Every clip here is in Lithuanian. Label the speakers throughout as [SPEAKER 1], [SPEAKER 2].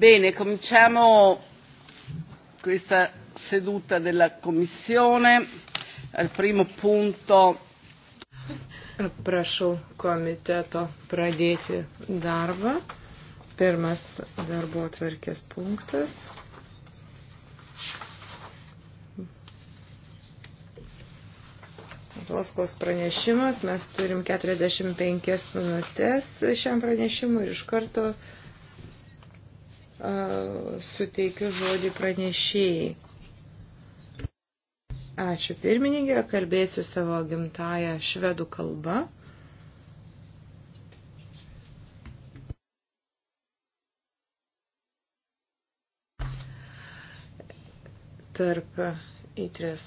[SPEAKER 1] Bene, cominciamo questa seduta della Commissione. Al primo punto. Prašau komiteto pradėti darbą. Pirmas
[SPEAKER 2] darbo atverkės punktas. Oskos pranešimas. Mes turim 45 minutės šiam pranešimui ir iš karto uh, suteikiu žodį pranešėjai. Ačiū pirmininkė, kalbėsiu savo gimtają švedų kalbą. Tarp įtrės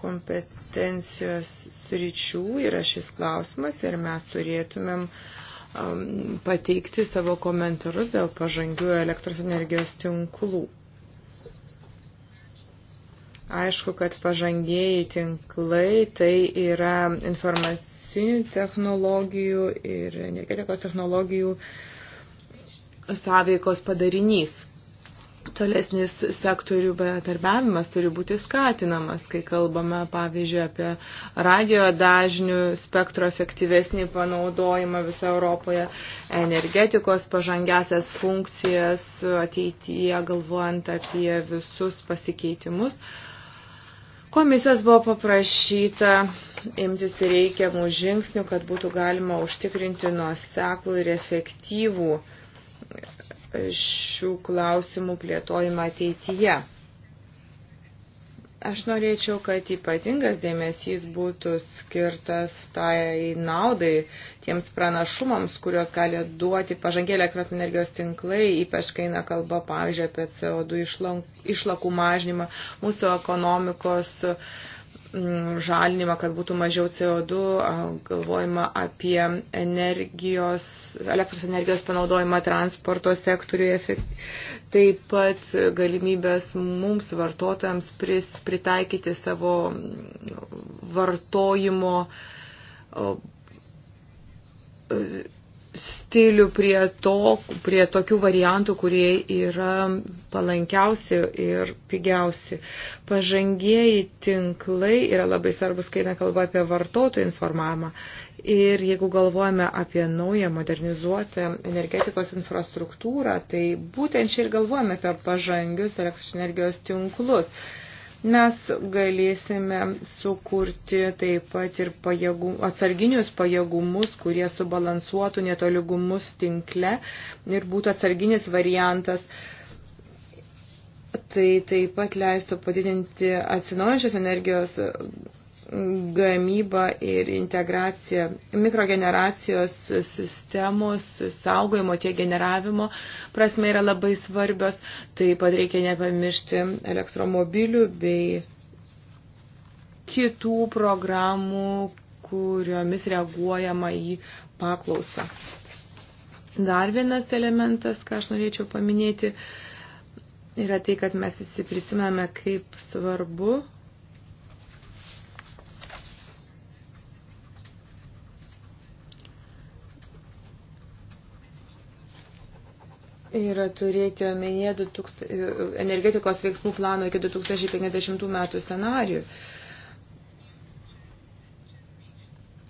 [SPEAKER 2] kompetencijos sričių yra šis klausimas ir mes turėtumėm uh, Um, pateikti savo komentarus dėl pažangių elektros energijos tinklų. Aišku, kad pažangėjai tinklai tai yra informacinių technologijų ir energetikos technologijų sąveikos padarinys. Tolesnis sektorių bendarbiavimas turi būti skatinamas, kai kalbame, pavyzdžiui, apie radio dažnių spektro efektyvesnį panaudojimą viso Europoje, energetikos pažangesias funkcijas ateityje, galvojant apie visus pasikeitimus. Komisijos buvo paprašyta imtis reikiamų žingsnių, kad būtų galima užtikrinti nuoseklų ir efektyvų šių klausimų plėtojimą ateityje. Aš norėčiau, kad ypatingas dėmesys būtų skirtas tai naudai, tiems pranašumams, kurios gali duoti pažangė elektros energijos tinklai, ypač kai eina kalba, pavyzdžiui, apie CO2 išlakų mažinimą, mūsų ekonomikos uh, Mm, žalinimą, kad būtų mažiau CO2, galvojama apie energijos, elektros energijos panaudojimą transporto sektoriuje, taip pat galimybės mums vartotojams pris, pritaikyti savo mm, vartojimo e, stilių prie, to, prie tokių variantų, kurie yra palankiausi ir pigiausi. Pažangieji tinklai yra labai svarbus, kai nekalba apie vartotojų informavimą. Ir jeigu galvojame apie naują modernizuotą energetikos infrastruktūrą, tai būtent čia ir galvojame apie pažangius elektros energijos tinklus mes galėsime sukurti taip pat ir pajėgum, atsarginius pajėgumus, kurie subalansuotų netoligumus tinkle ir būtų atsarginis variantas. Tai taip pat leistų padidinti atsinaujančios energijos gamyba ir integracija mikrogeneracijos sistemos saugojimo tiek generavimo prasme yra labai svarbios. Taip pat reikia nepamiršti elektromobilių bei kitų programų, kuriomis reaguojama į paklausą. Dar vienas elementas, ką aš norėčiau paminėti, yra tai, kad mes visi prisimename, kaip svarbu Ir turėti omenyje energetikos veiksmų plano iki 2050 metų scenarių.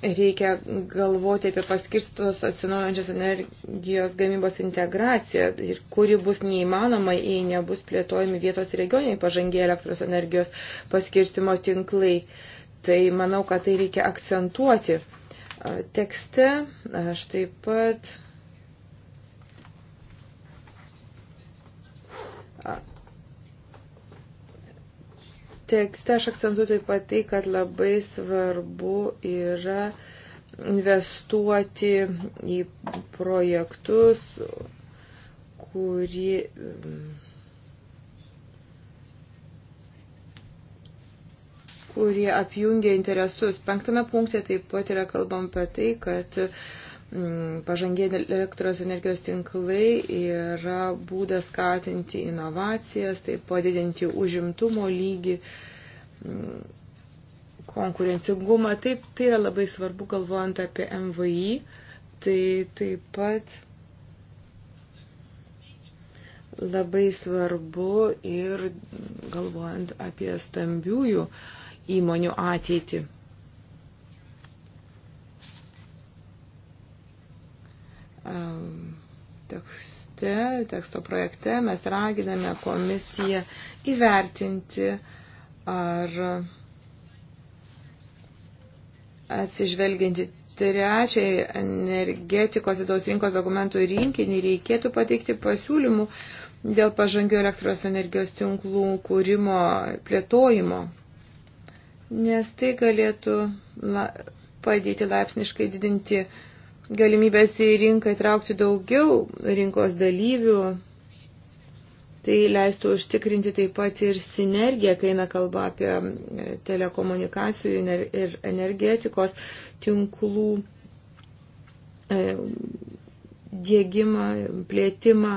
[SPEAKER 2] Reikia galvoti apie paskirstos atsinaujančios energijos gamybos integraciją, ir kuri bus neįmanoma, jei nebus plėtojami vietos regioniai pažangiai elektros energijos paskirstimo tinklai. Tai manau, kad tai reikia akcentuoti. Tekste aš taip pat Tekste aš akcentuoju taip pat tai, kad labai svarbu yra investuoti į projektus, kurie kurie apjungia interesus. Penktame punkte taip pat yra kalbam apie tai, kad Mm, pažangiai elektros energijos tinklai yra būdas skatinti inovacijas, taip padidinti užimtumo lygį, mm, konkurencingumą. Taip, tai yra labai svarbu galvojant apie MVI. Tai taip pat labai svarbu ir galvojant apie stambiųjų įmonių ateitį. tekste, teksto projekte mes raginame komisiją įvertinti, ar atsižvelginti trečiai energetikos vidaus rinkos dokumentų rinkinį reikėtų pateikti pasiūlymų dėl pažangių elektros energijos tinklų kūrimo plėtojimo, nes tai galėtų la, padėti laipsniškai didinti uh, galimybės į rinką įtraukti daugiau rinkos dalyvių. Tai leistų užtikrinti taip pat ir sinergiją, kai eina kalba apie e, telekomunikacijų ir energetikos tinklų e, dėgymą, plėtimą.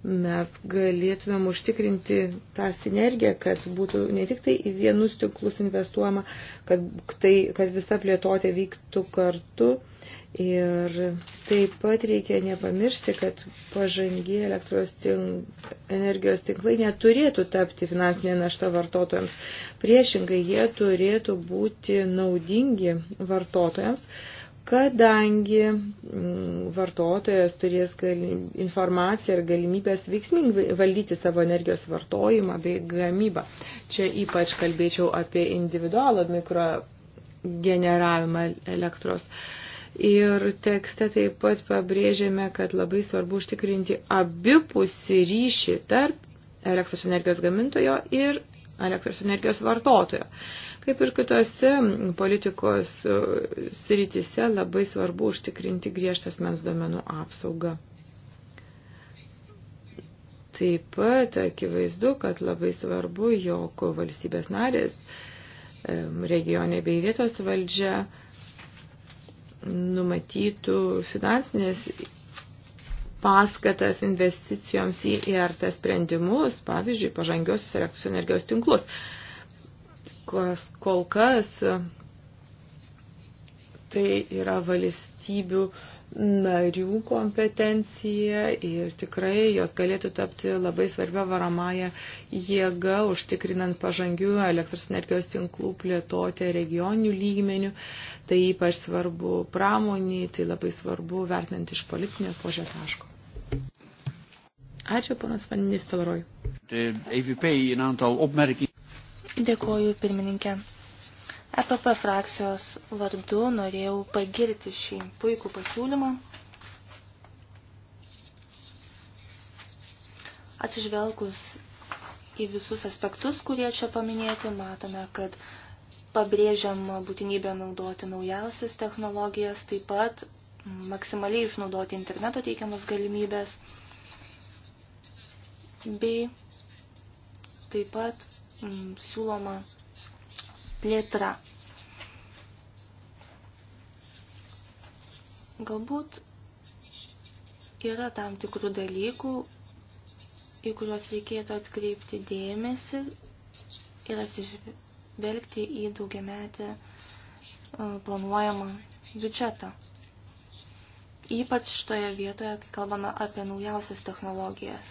[SPEAKER 2] Mes galėtumėm užtikrinti tą sinergiją, kad būtų ne tik tai į vienus tinklus investuojama, kad, tai, kad visa plėtotė vyktų kartu Ir taip pat reikia nepamiršti, kad pažangi elektros tink, energijos tinklai neturėtų tapti finansinė našta vartotojams. Priešingai, jie turėtų būti naudingi vartotojams, kadangi mm, vartotojas turės informaciją ir galimybės veiksmingai valdyti savo energijos vartojimą bei gamybą. Čia ypač kalbėčiau apie individualų mikrogeneravimą elektros. Uh, Ir tekste taip pat pabrėžėme, kad labai svarbu užtikrinti abipusį ryšį tarp elektros energijos gamintojo ir elektros energijos vartotojo. Kaip ir kitose politikos e, sritise labai svarbu užtikrinti griežtas mens domenų apsaugą. Taip pat akivaizdu, kad labai svarbu, jog valstybės narės, e, regionė bei vietos valdžia numatytų finansinės paskatas investicijoms į IRT e sprendimus, pavyzdžiui, pažangiosius elektros energijos tinklus. Kas kol kas tai yra valstybių narių kompetencija ir tikrai jos galėtų tapti labai svarbia varomąją jėgą, užtikrinant pažangių elektros energijos tinklų plėtotę regioninių lygmenių. Tai ypač svarbu pramoniai, tai labai svarbu vertinant iš politinio požio taško. Ačiū, panas Vaninis Talroj.
[SPEAKER 3] Dėkoju, pirmininkė. EPP frakcijos vardu norėjau pagirti šį puikų pasiūlymą. Atsižvelgus į visus aspektus, kurie čia paminėti, matome, kad pabrėžiama būtinybė naudoti naujausias technologijas, taip pat maksimaliai išnaudoti interneto teikiamas galimybės, bei taip pat m, mm, siūloma plėtra. Galbūt yra tam tikrų dalykų, į kuriuos reikėtų atkreipti dėmesį ir atsižvelgti į daugiametę e, planuojamą biudžetą. Ypač šitoje vietoje, kai kalbame apie naujausias technologijas.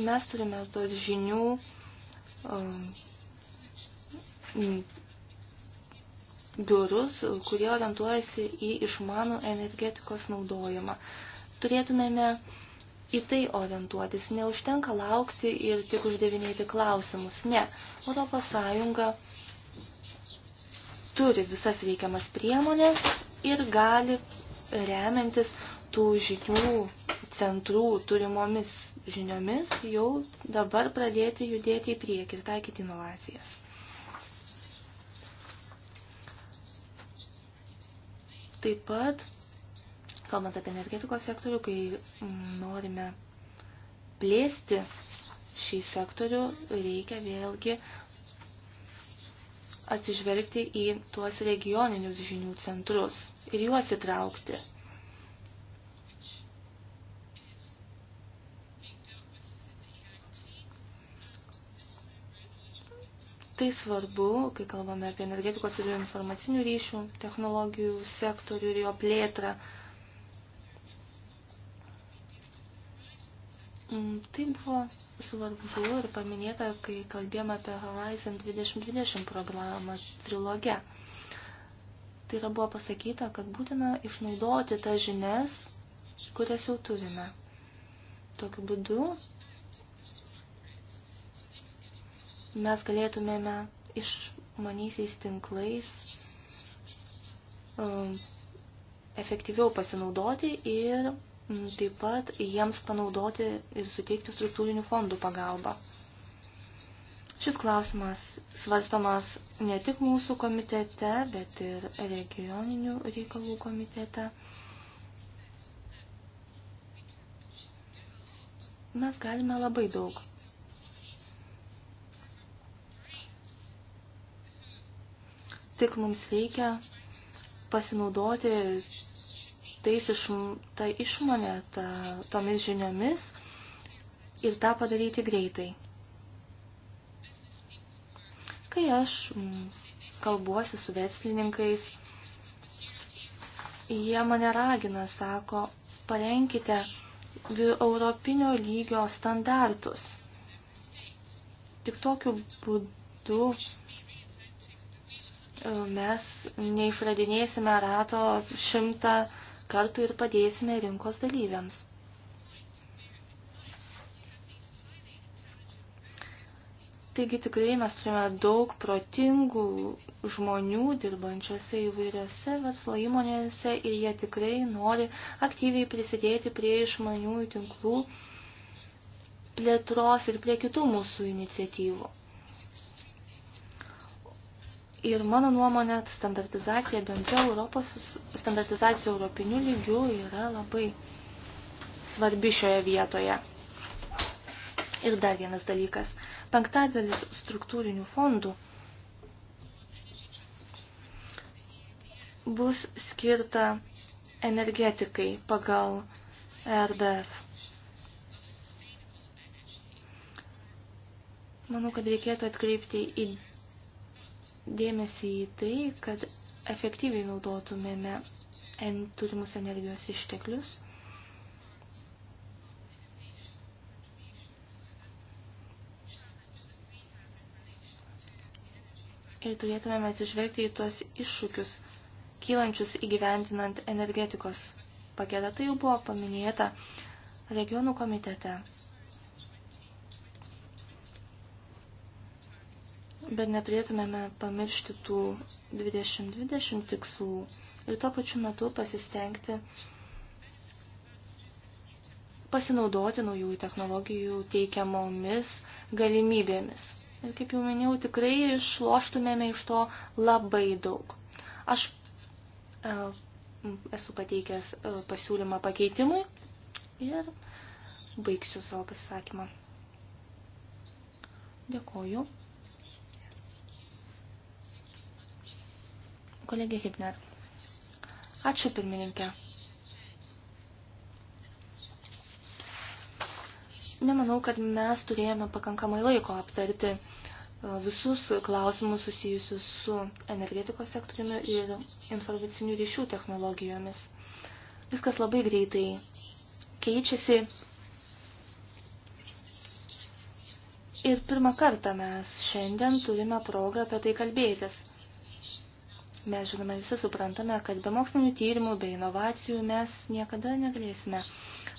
[SPEAKER 3] Mes turime duoti žinių um, biurus, kurie orientuojasi į išmanų energetikos naudojimą. Turėtumėme į tai orientuotis. Neužtenka laukti ir tik uždevinėti klausimus. Ne, Europos Sąjunga turi visas reikiamas priemonės ir gali remiantis tų žinių centrų turimomis žiniomis jau dabar pradėti judėti į priekį ir taikyti inovacijas. Taip pat, kalbant apie energetikos sektorių, kai mm, norime plėsti šį sektorių, reikia vėlgi atsižvelgti į tuos regioninius žinių centrus ir juos įtraukti. tai svarbu, kai kalbame apie energetikos ir informacinių ryšių technologijų sektorių ir jo plėtrą. Mm, tai buvo svarbu ir paminėta, kai kalbėjome apie Horizon 2020 programą trilogę. Tai yra buvo pasakyta, kad būtina išnaudoti tas žinias, kurias jau turime. Tokiu būdu mes galėtumėme išmaniaisiais tinklais um, efektyviau pasinaudoti ir um, taip pat jiems panaudoti ir suteikti struktūrinių fondų pagalbą. Šis klausimas svarstomas ne tik mūsų komitete, bet ir regioninių reikalų komitete. Mes galime labai daug tik mums reikia pasinaudoti tais iš, ta išmonė, ta, tomis žiniomis ir tą padaryti greitai. Kai aš mm, kalbuosi su verslininkais, jie mane ragina, sako, parenkite europinio lygio standartus. Tik tokiu būdu mes neišradinėsime rato šimtą kartų ir padėsime rinkos dalyviams. Taigi tikrai mes turime daug protingų žmonių dirbančiose įvairiose verslo įmonėse ir jie tikrai nori aktyviai prisidėti prie išmaniųjų tinklų plėtros ir prie kitų mūsų iniciatyvų. Ir mano nuomonė, standartizacija bendra Europos, standartizacija europinių lygių yra labai svarbi šioje vietoje. Ir dar vienas dalykas. Penktadalis struktūrinių fondų bus skirta energetikai pagal RDF. Manau, kad reikėtų atkreipti į dėmesį į tai, kad efektyviai naudotumėme turimus energijos išteklius. Ir turėtumėme atsižvelgti į tuos iššūkius, kylančius įgyvendinant energetikos paketą. Tai jau buvo paminėta regionų komitete. bet neturėtumėme pamiršti tų 2020 tikslų ir tuo pačiu metu pasistengti pasinaudoti naujų technologijų teikiamomis galimybėmis. Ir kaip jau minėjau, tikrai išloštumėme iš to labai daug. Aš e, esu pateikęs e, pasiūlymą pakeitimui ir baigsiu savo pasisakymą. Dėkoju. kolegė Hibner. Ačiū pirmininkė. Nemanau, kad mes turėjome pakankamai laiko aptarti e, visus klausimus susijusius su energetikos sektoriumi ir informacinių ryšių technologijomis. Viskas labai greitai keičiasi. Ir pirmą kartą mes šiandien turime progą apie tai kalbėtis. Mes žinome, visi suprantame, kad be mokslinių tyrimų, be inovacijų mes niekada negalėsime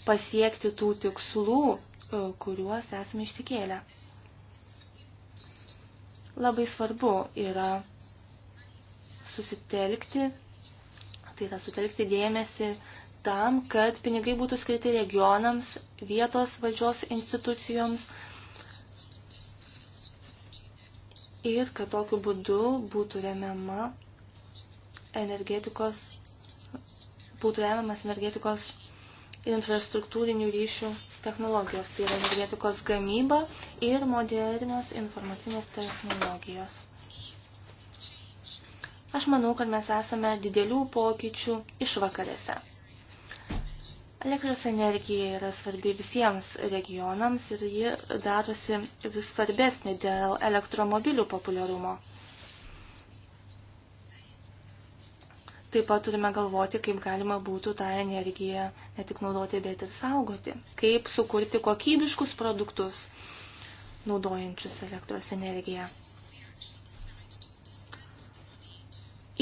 [SPEAKER 3] pasiekti tų tikslų, e, kuriuos esame išsikėlę. Labai svarbu yra susitelkti, tai yra sutelkti dėmesį tam, kad pinigai būtų skirti regionams, vietos valdžios institucijoms ir kad tokiu būdu būtų remiama energetikos, būtų remiamas energetikos infrastruktūrinių ryšių technologijos, tai yra energetikos gamyba ir modernios informacinės technologijos. Aš manau, kad mes esame didelių pokyčių išvakarėse. Elektros energija yra svarbi visiems regionams ir ji darosi vis svarbesnė dėl elektromobilių populiarumo. Taip pat turime galvoti, kaip galima būtų tą energiją ne tik naudoti, bet ir saugoti. Kaip sukurti kokybiškus produktus, naudojančius elektros energiją.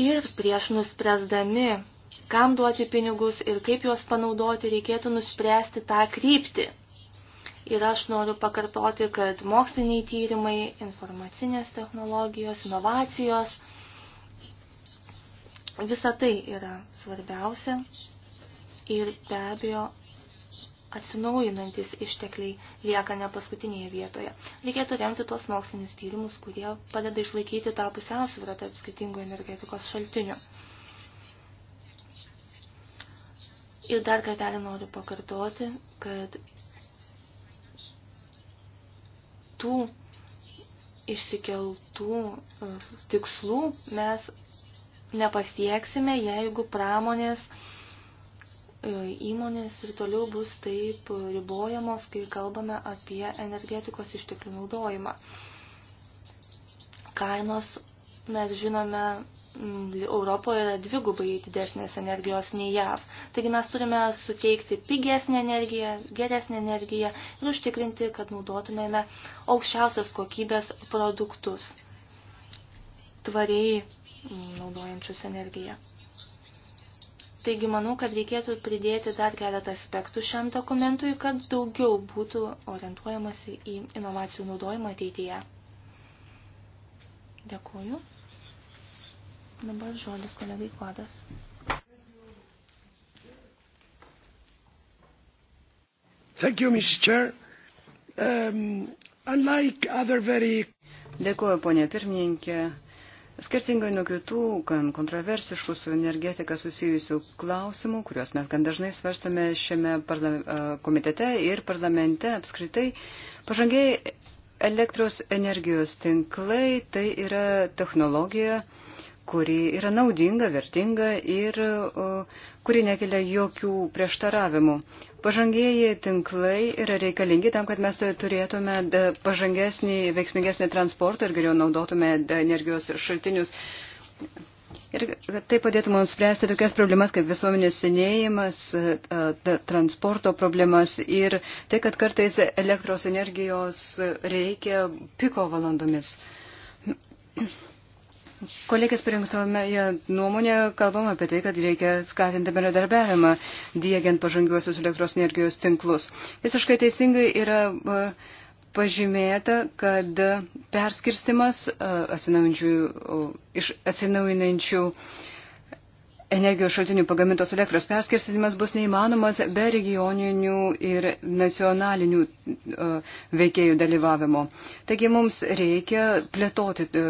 [SPEAKER 3] Ir prieš nuspręsdami, kam duoti pinigus ir kaip juos panaudoti, reikėtų nuspręsti tą kryptį. Ir aš noriu pakartoti, kad moksliniai tyrimai, informacinės technologijos, inovacijos – Visa tai yra svarbiausia ir be abejo atsinaujinantis ištekliai lieka ne paskutinėje vietoje. Reikėtų remti tuos mokslinius tyrimus, kurie padeda išlaikyti tą pusiausvyrą tarp skirtingų energetikos šaltinių. Ir dar kartelį noriu pakartoti, kad tų išsikeltų uh, tikslų mes nepasieksime, jeigu pramonės e, įmonės ir toliau bus taip ribojamos, kai kalbame apie energetikos išteklių naudojimą. Kainos, mes žinome, Europoje yra dvigubai didesnės energijos nei JAV. Taigi mes turime suteikti pigesnę energiją, geresnę energiją ir užtikrinti, kad naudotumėme aukščiausios kokybės produktus. Tvariai naudojančius energiją. Taigi manau, kad reikėtų pridėti dar keletą aspektų šiam dokumentui, kad daugiau būtų orientuojamasi į inovacijų naudojimą ateityje. Dėkuoju. Dabar žodis kolegai Kvadas.
[SPEAKER 4] Thank you, Mr. Chair. Um, unlike other
[SPEAKER 5] very... Dėkuoju, ponė pirmininkė. Skirtingai nuo kitų, gan kontroversiškų su energetika susijusių klausimų, kuriuos mes gan dažnai svarstome šiame komitete ir parlamente apskritai, pažangiai elektros energijos tinklai tai yra technologija, kuri yra naudinga, vertinga ir kuri nekelia jokių prieštaravimų. Pažangieji tinklai yra reikalingi tam, kad mes turėtume e, pažangesnį, veiksmingesnį transportą ir geriau naudotume energijos šaltinius. Ir tai padėtų mums spręsti tokias problemas kaip visuomenės senėjimas, e, transporto problemas ir tai, kad kartais elektros energijos reikia piko valandomis. Kolegės parinktoje nuomonė kalbama apie tai, kad reikia skatinti bendradarbiavimą, diegiant pažangiuosius elektros energijos tinklus. Visiškai teisingai yra e, pažymėta, kad perskirstimas e, iš atsinaujinančių energijos šaltinių pagamintos elektros perskirstimas bus neįmanomas be regioninių ir nacionalinių e, veikėjų dalyvavimo. Taigi mums reikia plėtoti e,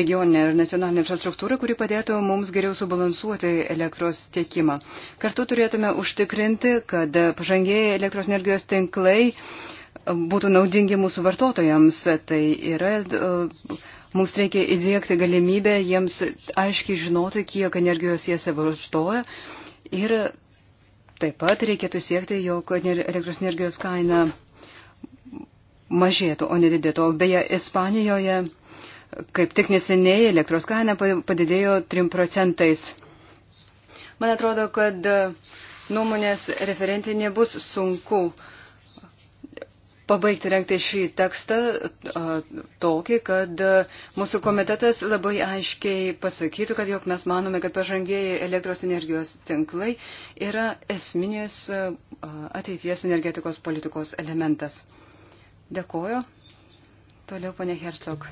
[SPEAKER 5] regioninę ir nacionalinę infrastruktūrą, kuri padėtų mums geriau subalansuoti elektros tiekimą. Kartu turėtume užtikrinti, kad pažangėjai elektros energijos tinklai būtų naudingi mūsų vartotojams. Tai yra e, Mums reikia įdėkti galimybę jiems aiškiai žinoti, kiek energijos jie savartoja. Ir taip pat reikėtų siekti, jog elektros energijos kaina mažėtų, o nedidėtų. Beje, Ispanijoje kaip tik neseniai elektros kaina padidėjo 3 procentais. Man atrodo, kad nuomonės referentinė bus sunku uh, pabaigti renkti šį tekstą tokį, kad mūsų komitetas labai aiškiai pasakytų, kad jog mes manome, kad pažangėjai elektros energijos tinklai yra esminės ateities energetikos politikos elementas. Dėkoju. Toliau, ponė Hercog.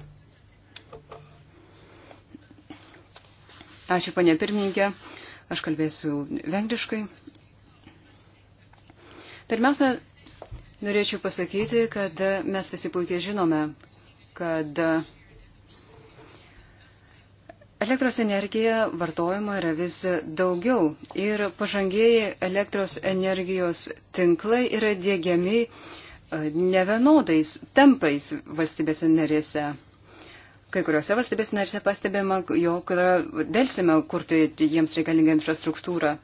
[SPEAKER 5] Ačiū, ponė pirmininkė. Aš kalbėsiu vengriškai. Pirmiausia, Norėčiau pasakyti, kad mes visi puikiai žinome, kad elektros energija vartojama yra vis daugiau ir pažangėjai elektros energijos tinklai yra dėgiami e, nevienodais tempais valstybėse narėse. Kai kuriuose valstybėse narėse pastebima, jog yra dėlsime kurti jiems reikalingą infrastruktūrą.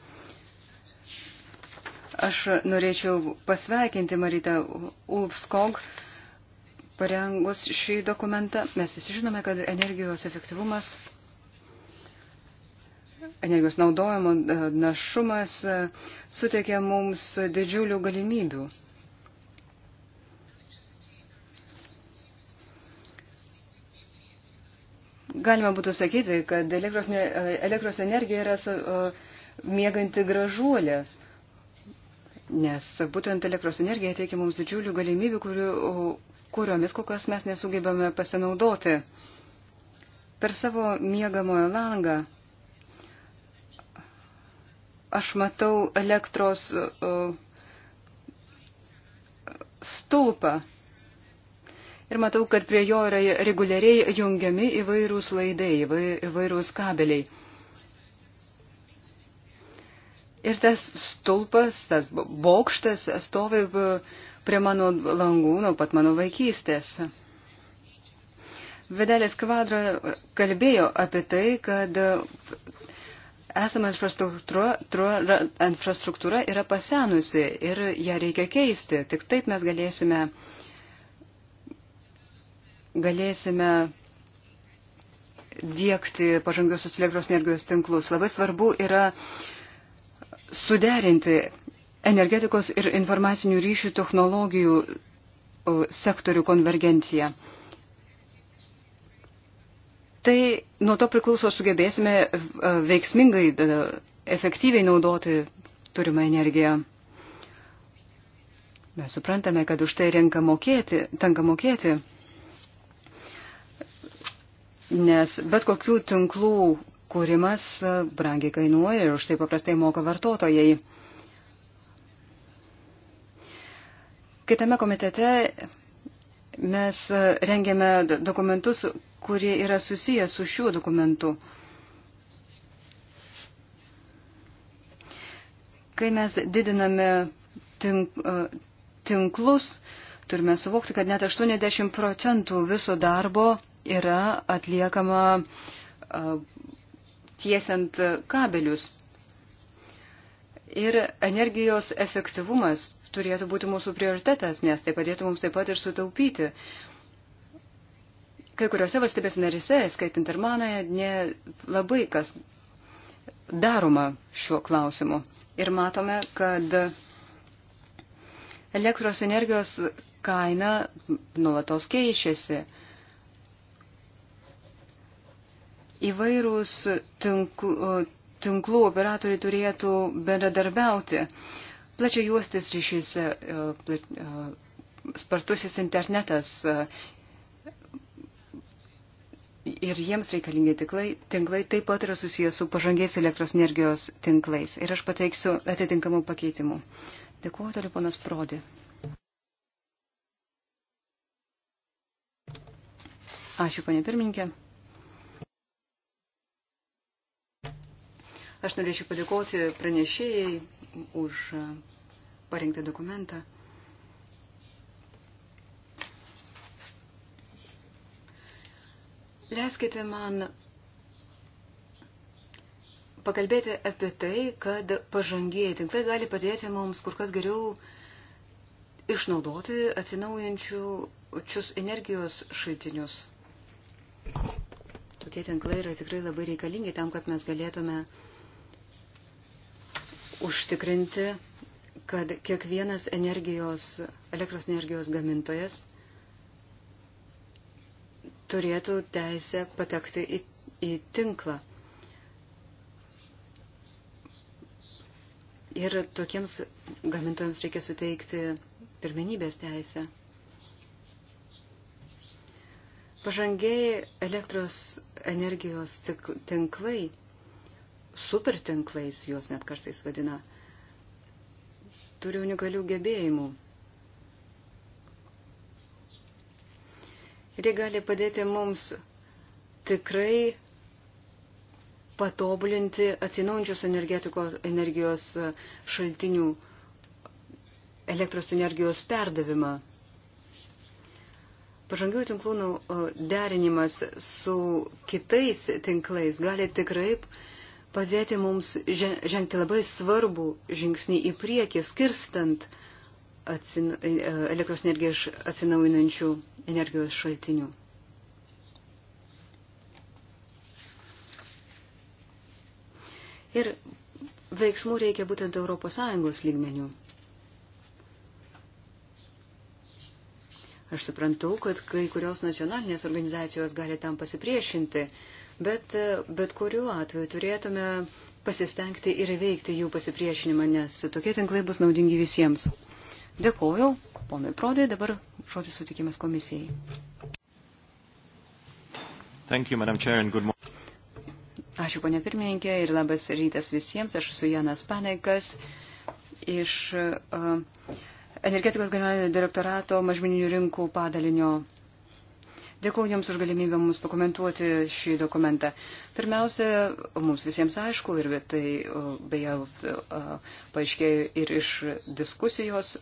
[SPEAKER 5] Aš norėčiau pasveikinti Marytą Ulfskog parengus šį dokumentą. Mes visi žinome, kad energijos efektyvumas, energijos naudojimo e, našumas e, suteikia mums didžiulių galimybių. Galima būtų sakyti, kad elektros, e, elektros energija yra mėganti gražuolė nes būtent elektros energija teikia mums didžiulių galimybių, kurių, kuriomis kol kas mes nesugebame pasinaudoti. Per savo miegamojo langą aš matau elektros stulpą ir matau, kad prie jo yra reguliariai jungiami įvairūs laidai, įvairūs kabeliai. Ir tas stulpas, tas bokštas stovi prie mano langų nuo pat mano vaikystės. Vedelės kvadro kalbėjo apie tai, kad esama infrastruktūra, tru, infrastruktūra yra pasenusi ir ją reikia keisti. Tik taip mes galėsime, galėsime diegti pažangiosios elektros energijos tinklus. Labai svarbu yra uh, suderinti energetikos ir informacinių ryšių technologijų sektorių konvergenciją. Tai nuo to priklauso, sugebėsime e, veiksmingai, e, efektyviai naudoti turimą energiją. Mes suprantame, kad už tai renka mokėti, tenka mokėti, nes bet kokių tinklų kūrimas e, brangiai kainuoja ir už tai paprastai moka vartotojai. Kitame komitete mes e, rengėme dokumentus, kurie yra susiję su šiuo dokumentu. Kai mes didiname e, tinklus, turime suvokti, kad net 80 procentų viso darbo yra atliekama tiesiant kabelius. Ir energijos efektyvumas turėtų būti mūsų prioritetas, nes tai padėtų mums taip pat ir sutaupyti. Kai kuriuose valstybės narise, skaitant ir manąją, nelabai kas daroma šiuo klausimu. Ir matome, kad elektros energijos kaina nulatos keičiasi. įvairūs tinklų, tinklų operatoriai turėtų bendradarbiauti. Plačia juostis ryšys, e, e, spartusis internetas e, ir jiems reikalingi tinklai, tinklai taip pat yra susijęs su pažangiais elektros energijos tinklais. Ir aš pateiksiu atitinkamų pakeitimų. Dėkuoju, toliau ponas Prodi. Ačiū, panė pirmininkė. Aš norėčiau padėkoti pranešėjai už parengtą dokumentą. Leiskite man pakalbėti apie tai, kad pažangėjai tinklai gali padėti mums kur kas geriau išnaudoti atsinaujančius energijos šaltinius. Tokie tinklai yra tikrai labai reikalingi tam, kad mes galėtume uh, užtikrinti, kad kiekvienas energijos, elektros energijos gamintojas turėtų teisę patekti į, į tinklą. Ir tokiems gamintojams reikia suteikti pirmenybės teisę. Pažangiai elektros energijos tinklai supertinklais, juos net kartais vadina, turi unikalių gebėjimų. Ir jie gali padėti mums tikrai patobulinti atsinaujančios energijos šaltinių elektros energijos perdavimą. Pažangių tinklų nu, derinimas su kitais tinklais gali tikrai padėti mums žengti labai svarbų žingsnį į priekį, skirstant atsin, elektros energiją iš atsinaujinančių energijos šaltinių. Ir veiksmų reikia būtent ES lygmenių. Aš suprantu, kad kai kurios nacionalinės organizacijos gali tam pasipriešinti, Bet, e, bet kuriuo atveju turėtume pasistengti ir veikti jų pasipriešinimą, nes tokie tinklai bus naudingi visiems. Dėkoju, ponui Prodai, dabar žodis sutikimas komisijai.
[SPEAKER 4] Thank you, Madam Chair, and good morning.
[SPEAKER 5] Ačiū, ponė pirmininkė, ir labas rytas visiems. Aš esu Janas Panekas iš uh, energetikos generalinio direktorato mažmeninių rinkų padalinio Dėkuoju Jums už galimybę mums pakomentuoti šį dokumentą. Pirmiausia, mums visiems aišku ir tai beje paaiškėjo ir iš diskusijos,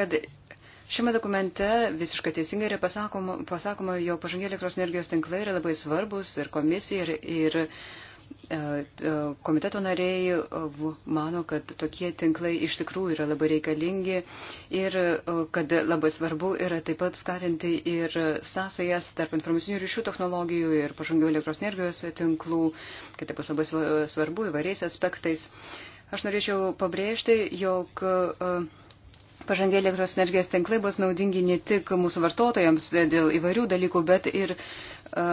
[SPEAKER 5] kad Šiame dokumente visiškai teisingai yra pasakoma, pasakoma jog pažangiai elektros energijos tinklai yra labai svarbus ir komisija ir, ir E, e, komiteto nariai e, mano, kad tokie tinklai iš tikrųjų yra labai reikalingi ir kad labai svarbu yra taip pat skatinti ir sąsajas tarp informacinių ryšių technologijų ir pažangių elektros energijos tinklų, kad tai bus labai svarbu įvairiais aspektais. Aš norėčiau pabrėžti, jog uh, Pažangiai elektros energijos tinklai bus naudingi ne tik mūsų vartotojams dėl įvairių dalykų, bet ir e,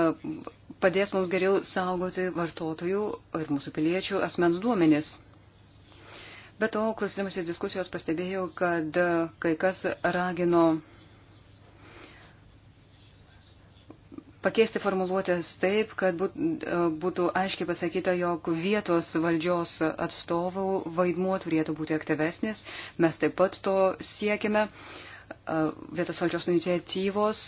[SPEAKER 5] padės mums geriau saugoti vartotojų ir mūsų piliečių asmens duomenis. Bet to, klausymasis diskusijos, pastebėjau, kad kai kas ragino pakeisti formuluotės taip, kad e, būtų aiškiai pasakyta, jog vietos valdžios atstovų vaidmuo turėtų būti aktyvesnis. Mes taip pat to siekime. E, vietos valdžios iniciatyvos.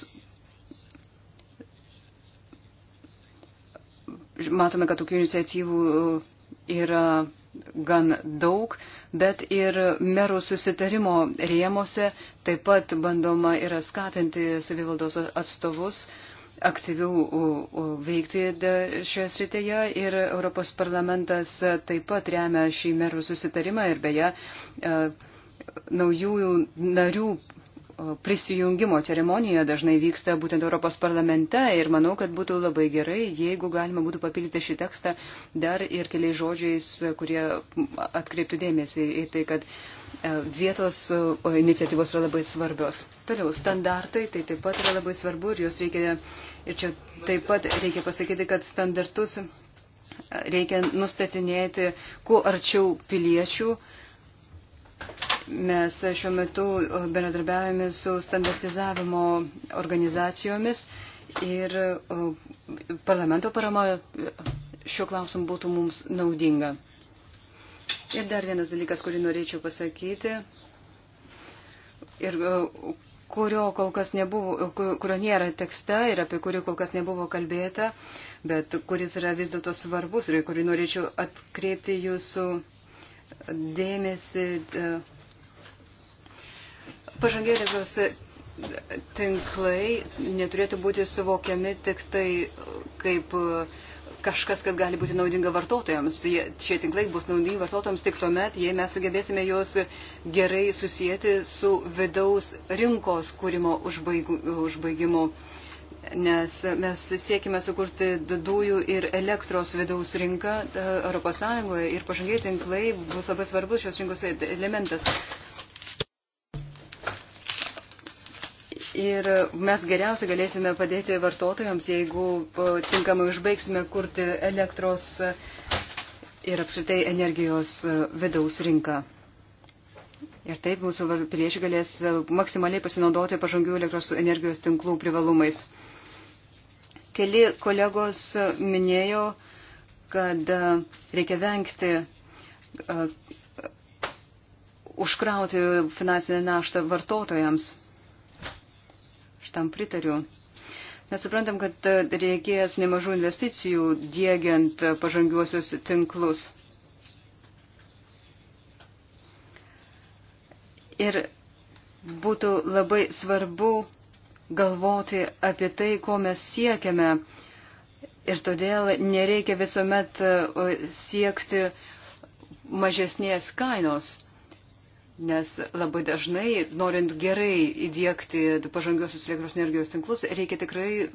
[SPEAKER 5] Matome, kad tokių iniciatyvų yra gan daug, bet ir merų susitarimo rėmose taip pat bandoma yra skatinti savivaldos atstovus uh, aktyviau veikti šioje srityje ir Europos parlamentas e, taip pat remia šį merų susitarimą ir beje e, naujųjų narių prisijungimo ceremonija dažnai vyksta būtent Europos parlamente ir manau, kad būtų labai gerai, jeigu galima būtų papildyti šį tekstą dar ir keliais žodžiais, kurie atkreiptų dėmesį į tai, kad uh, E, vietos e, iniciatyvos yra labai svarbios. Toliau, standartai, tai taip pat yra labai svarbu ir jos reikia, ir čia taip pat reikia pasakyti, kad standartus e, reikia nustatinėti kuo arčiau piliečių. Mes šiuo metu bendradarbiavame su standartizavimo organizacijomis ir parlamento parama šiuo klausimu būtų mums naudinga. Ir dar vienas dalykas, kurį norėčiau pasakyti, ir e, kurio kol kas nebuvo, kurio nėra tekste ir apie kurį kol kas nebuvo kalbėta, bet kuris yra vis dėlto svarbus ir kurį norėčiau atkreipti jūsų dėmesį e, pažangėlėgos tinklai neturėtų būti suvokiami tik tai kaip uh, kažkas, kas gali būti naudinga vartotojams. Šie tinklai bus naudingi vartotojams tik tuomet, jei mes sugebėsime juos gerai susijęti su vidaus rinkos kūrimo užbaigimu. Nes mes siekime sukurti dujų ir elektros vidaus rinką ES ir pažangiai tinklai bus labai svarbus šios rinkos elementas. Ir mes geriausiai galėsime padėti vartotojams, jeigu tinkamai užbaigsime kurti elektros e, ir apskritai energijos e, vidaus rinką. Ir taip mūsų piliečiai galės e, maksimaliai pasinaudoti pažangių elektros energijos tinklų privalumais. Keli kolegos minėjo, kad reikia vengti uh, užkrauti finansinę naštą vartotojams šitam pritariu. Mes suprantam, kad reikės nemažų investicijų dėgiant pažangiuosius tinklus. Ir būtų labai svarbu galvoti apie tai, ko mes siekiame. Ir todėl nereikia visuomet e, siekti mažesnės kainos. Nes labai dažnai, norint gerai įdėkti pažangiosius elektros energijos tinklus, reikia tikrai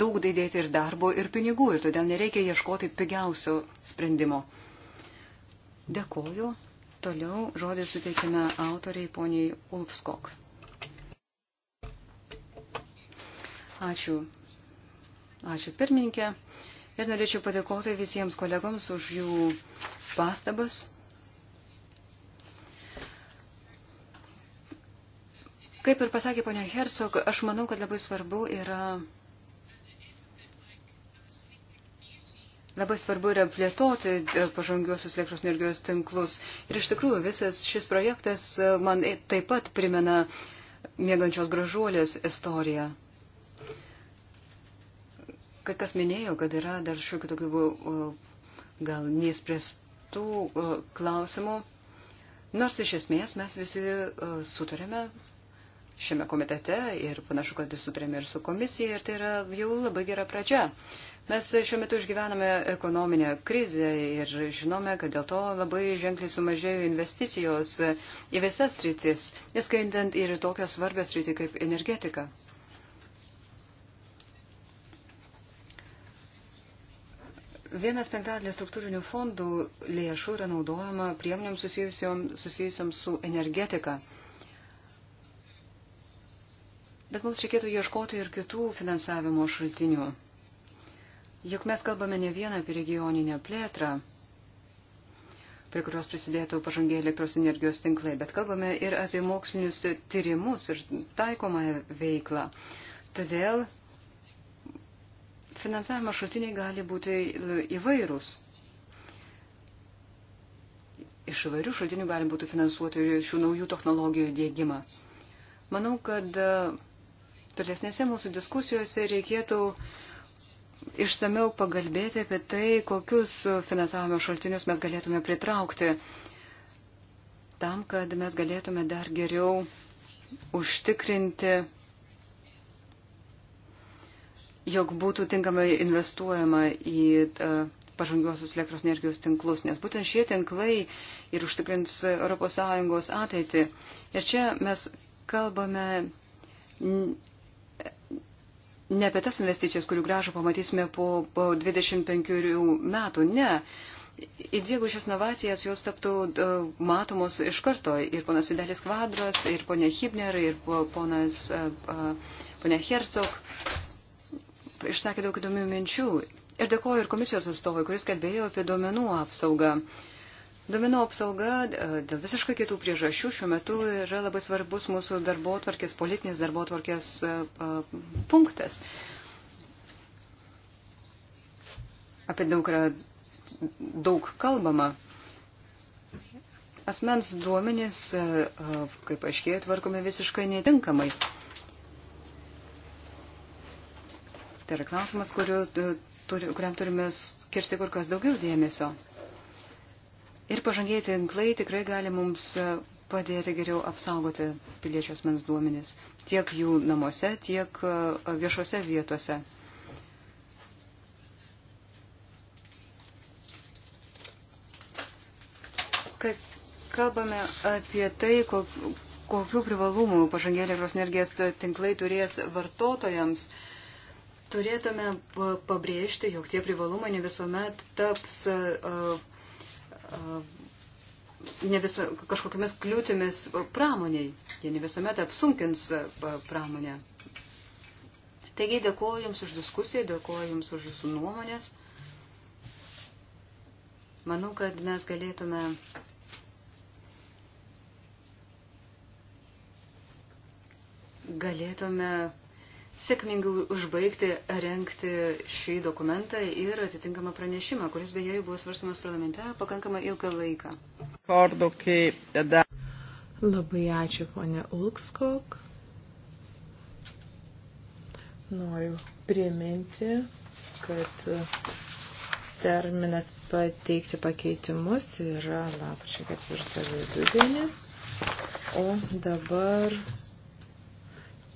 [SPEAKER 5] daug daidėti ir darbo, ir pinigų, ir todėl nereikia ieškoti pigiausio sprendimo. Dėkoju. Toliau žodį suteikime autoriai poniai Ulfskok. Ačiū. Ačiū pirmininkė. Ir norėčiau padėkoti visiems kolegoms už jų pastabas. Kaip ir pasakė ponia Hersog, aš manau, kad labai svarbu yra. Labai svarbu yra plėtoti e, pažangiuosius elektros energijos tinklus. Ir iš tikrųjų visas šis projektas e, man taip pat primena mėgančios gražuolės istoriją. Kai kas minėjo, kad yra dar šiokių tokių e, gal neįspręstų klausimų. Nors iš esmės mes visi sutarėme šiame komitete ir panašu, kad sutarėme ir su komisija ir tai yra jau labai gera pradžia. Mes šiuo metu išgyvename ekonominę krizę ir žinome, kad dėl to labai ženkliai sumažėjo investicijos į visas rytis, neskaitant ir tokią svarbę rytį kaip energetika. Vienas penktadalis struktūrinių fondų lėšų yra naudojama priemonėms susijusiam, susijusiam su energetika. Bet mums reikėtų ieškoti ir kitų finansavimo šaltinių. Juk mes kalbame ne vieną apie regioninę plėtrą, prie kurios prisidėtų pažangiai elektros energijos tinklai, bet kalbame ir apie mokslinius tyrimus ir taikomąją veiklą. Todėl finansavimo šaltiniai gali būti įvairūs. Iš įvairių šaltinių gali būti finansuoti šių naujų technologijų dėgymą. Manau, kad tolesnėse mūsų diskusijose reikėtų išsameu pagalbėti apie tai, kokius finansavimo šaltinius mes galėtume pritraukti tam, kad mes galėtume dar geriau užtikrinti, jog būtų tinkamai investuojama į e, pažangiosios elektros energijos tinklus, nes būtent šie tinklai ir užtikrins ES ateitį. Ir čia mes kalbame ne apie tas investicijas, kurių gražą pamatysime po, po 25 metų, ne. Įdėgu šias inovacijas, jos taptų uh, matomos iš karto. Ir ponas Vidalis Kvadras, ir ponė Hibner, ir ponas, uh, e, e, ponė Herzog išsakė daug įdomių minčių. Ir dėkoju ir komisijos atstovui, kuris kalbėjo apie duomenų apsaugą. Uh, Domino apsauga e, dėl visiškai kitų priežasčių šiuo metu yra labai svarbus mūsų darbo tvarkės, politinės darbo tvarkės e, e, punktas. Apie daug yra daug kalbama. Asmens duomenys, kaip aiškiai, tvarkomi visiškai netinkamai. Tai yra klausimas, kuriu, turi, kuriam turime skirti kur kas daugiau dėmesio. Ir pažangiai tinklai tikrai gali mums e, padėti geriau apsaugoti piliečių asmens duomenis tiek jų namuose, tiek e, viešose vietose. Kai kalbame apie tai, kokių privalumų pažangiai elektros energijos tinklai turės vartotojams, turėtume pabrėžti, jog tie privalumai ne visuomet taps uh, ne viso, kažkokiamis kliūtimis pramoniai. Jie ne visuomet apsunkins pramonę. Taigi dėkuoju Jums už diskusiją, dėkuoju Jums už Jūsų nuomonės. Manau, kad mes galėtume galėtume sėkmingai užbaigti renkti šį dokumentą ir atitinkamą pranešimą, kuris beje jau buvo svarstamas parlamente pakankamai ilgą laiką.
[SPEAKER 1] Labai ačiū,
[SPEAKER 2] ponė Ulkskok. Noriu priminti, kad terminas pateikti pakeitimus yra lapkričio ketvirtą vidudienis. O dabar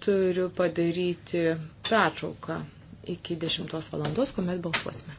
[SPEAKER 2] turiu padaryti pertrauką iki 10 valandos, kuomet balsuosime.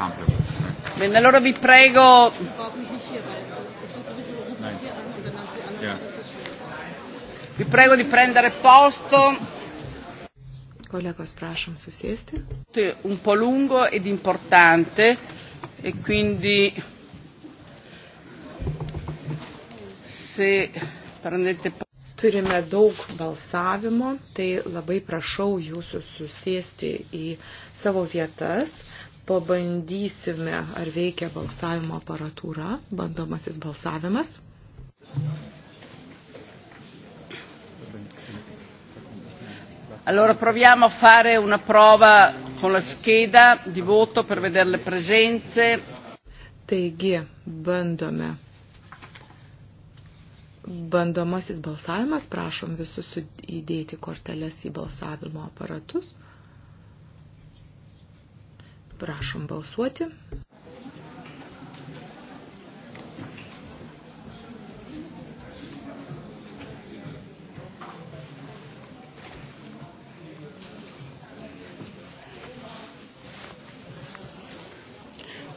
[SPEAKER 4] esempio.
[SPEAKER 1] Bene, allora vi prego. Vi prego di prendere posto. Kolegos, prašom susėsti. Un po' lungo ed importante e quindi se prendete posto. Turime daug balsavimo, tai labai prašau
[SPEAKER 2] jūsų susėsti į savo vietas pabandysime, ar veikia balsavimo aparatūra, bandomasis balsavimas.
[SPEAKER 4] Allora
[SPEAKER 1] proviamo a fare una prova con la scheda di voto per vedere le presenze. Taigi, bandome.
[SPEAKER 2] Bandomasis balsavimas, prašom visus įdėti korteles į balsavimo aparatus. Prašom balsuoti.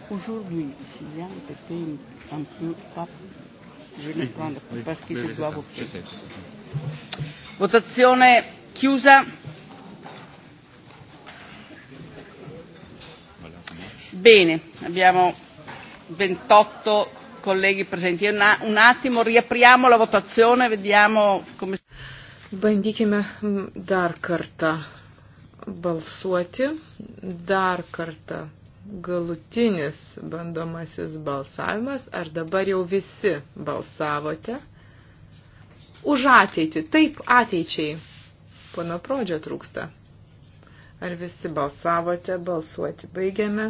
[SPEAKER 1] Aujourd'hui, s'il y a un PP un peu pas,
[SPEAKER 4] je vais le prendre parce que je dois voter.
[SPEAKER 1] Votazione chiusa. Bene, abbiamo 28 colleghi presenti. Una, un attimo, riapriamo la votazione, vediamo come.
[SPEAKER 2] Bandykime dar kartą balsuoti, dar kartą galutinis bandomasis balsavimas, ar dabar jau visi balsavote? Už ateitį, taip ateičiai. Pono prodžio trūksta. Ar visi balsavote? Balsuoti baigiame.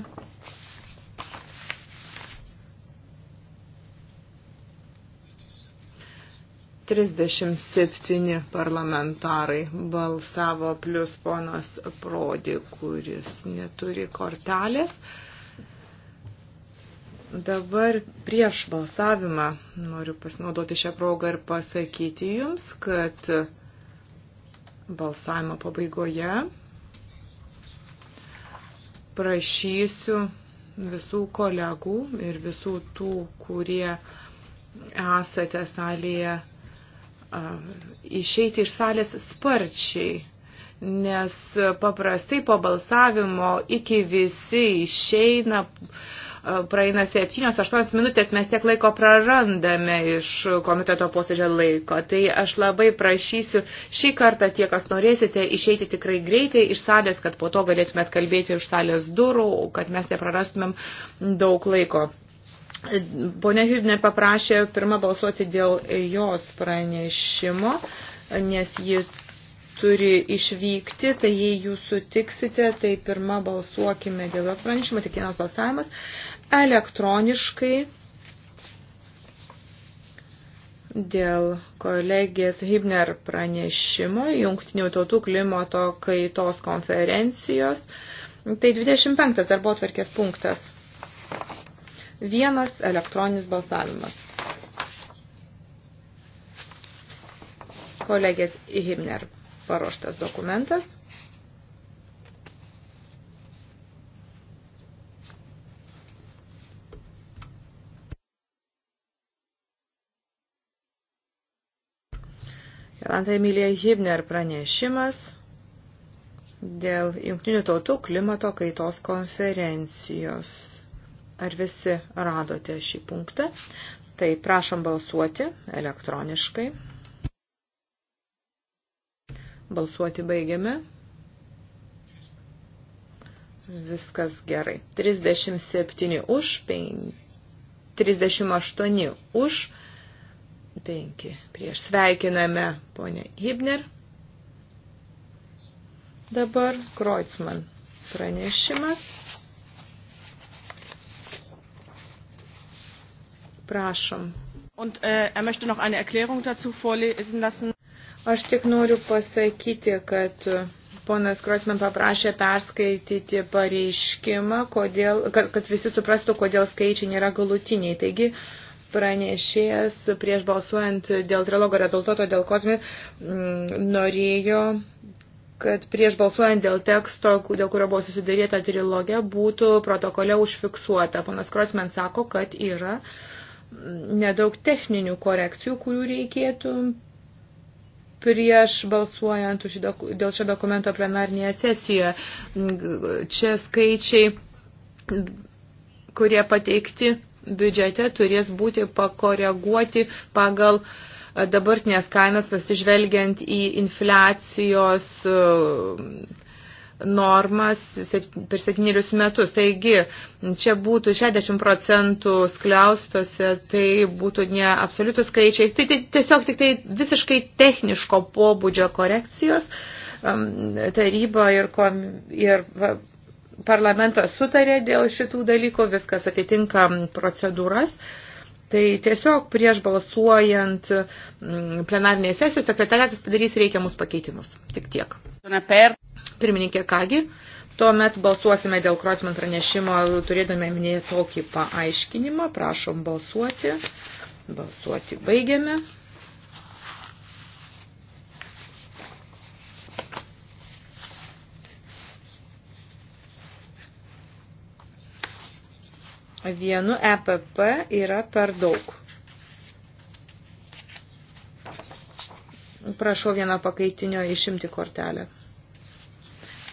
[SPEAKER 2] Trisdešimt septyni parlamentarai balsavo plus ponas Prodi, kuris neturi kortelės. Dabar prieš balsavimą noriu pasinaudoti šią progą ir pasakyti jums, kad balsavimo pabaigoje prašysiu visų kolegų ir visų tų, kurie esate salėje, išeiti iš salės sparčiai nes paprastai po balsavimo iki visi išeina, praeina 7-8 minutės, mes tiek laiko prarandame iš komiteto posėdžio laiko. Tai aš labai prašysiu šį kartą tie, kas norėsite, išeiti tikrai greitai iš salės, kad po to galėtumėt kalbėti už salės durų, kad mes neprarastumėm daug laiko. Pone Hübner paprašė pirmą balsuoti dėl jos pranešimo, nes ji turi išvykti, tai jei jūs sutiksite, tai pirmą balsuokime dėl jos pranešimo, tik vienas balsavimas, elektroniškai dėl kolegės Hibner pranešimo jungtinių tautų klimato kaitos konferencijos. Tai 25 darbo atvarkės punktas. Vienas elektroninis balsavimas. Kolegės Hibner paruoštas dokumentas. Jolanta Emilija Hibner pranešimas dėl jungtinių tautų klimato kaitos konferencijos. Ar visi radote šį punktą? Tai prašom balsuoti elektroniškai. Balsuoti baigiame. Viskas gerai. 37 už, 5, 38 už, 5 prieš. Sveikiname ponę Hibner. Dabar Kreutzmann pranešimas. Prašom.
[SPEAKER 5] Und äh, er möchte noch eine
[SPEAKER 2] Erklärung dazu vorlesen lassen. Aš tik noriu pasakyti, kad ponas Krosman paprašė perskaityti pareiškimą, kodėl, kad, kad visi suprastų, kodėl skaičiai nėra galutiniai. Taigi, pranešėjas prieš balsuojant dėl trilogo rezultato, dėl kosmi, mm, norėjo kad prieš balsuojant dėl teksto, dėl kurio buvo susidarėta trilogė, būtų protokole užfiksuota. Panas Krocmen sako, kad yra mm, nedaug techninių korekcijų, kurių reikėtų prieš balsuojant už, dėl šio dokumento plenarnėje sesijoje. Čia skaičiai, kurie pateikti biudžete, turės būti pakoreguoti pagal e, dabartinės kainas, atsižvelgiant į infliacijos uh, normas per septynerius metus. Taigi, čia būtų 60 procentų skliaustose, tai būtų ne absoliutų skaičiai. Tai, tai tiesiog tik tai visiškai techniško pobūdžio korekcijos um, taryba ir, kom, ir parlamentas sutarė dėl šitų dalykų, viskas atitinka um, procedūras. Tai tiesiog prieš balsuojant um, plenarnėje sesijoje sekretariatas padarys reikiamus pakeitimus. Tik tiek. Pirmininkė Kagi, tuomet balsuosime dėl Krocman pranešimo, turėdami minėti tokį paaiškinimą. Prašom balsuoti. Balsuoti baigiame. Vienu EPP yra per daug. Prašau vieną pakaitinio išimti kortelę.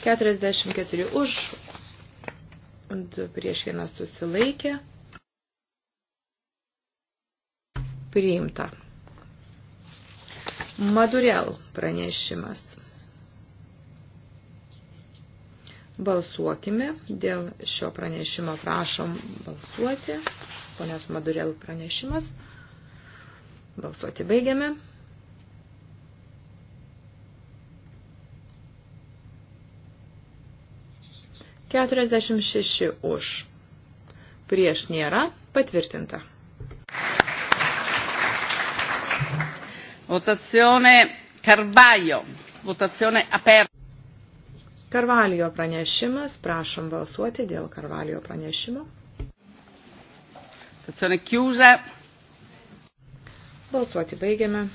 [SPEAKER 2] 44 už, prieš vieną susilaikė. Priimta. Madurel pranešimas. Balsuokime. Dėl šio pranešimo prašom balsuoti. Ponios Madurel pranešimas. Balsuoti baigiame. 46 už.
[SPEAKER 1] Prieš nėra patvirtinta. Votazione Carvajo. Votazione aperta. Karvalijo pranešimas. Prašom balsuoti dėl Karvalijo pranešimo. Votazione chiusa. Balsuoti baigiame.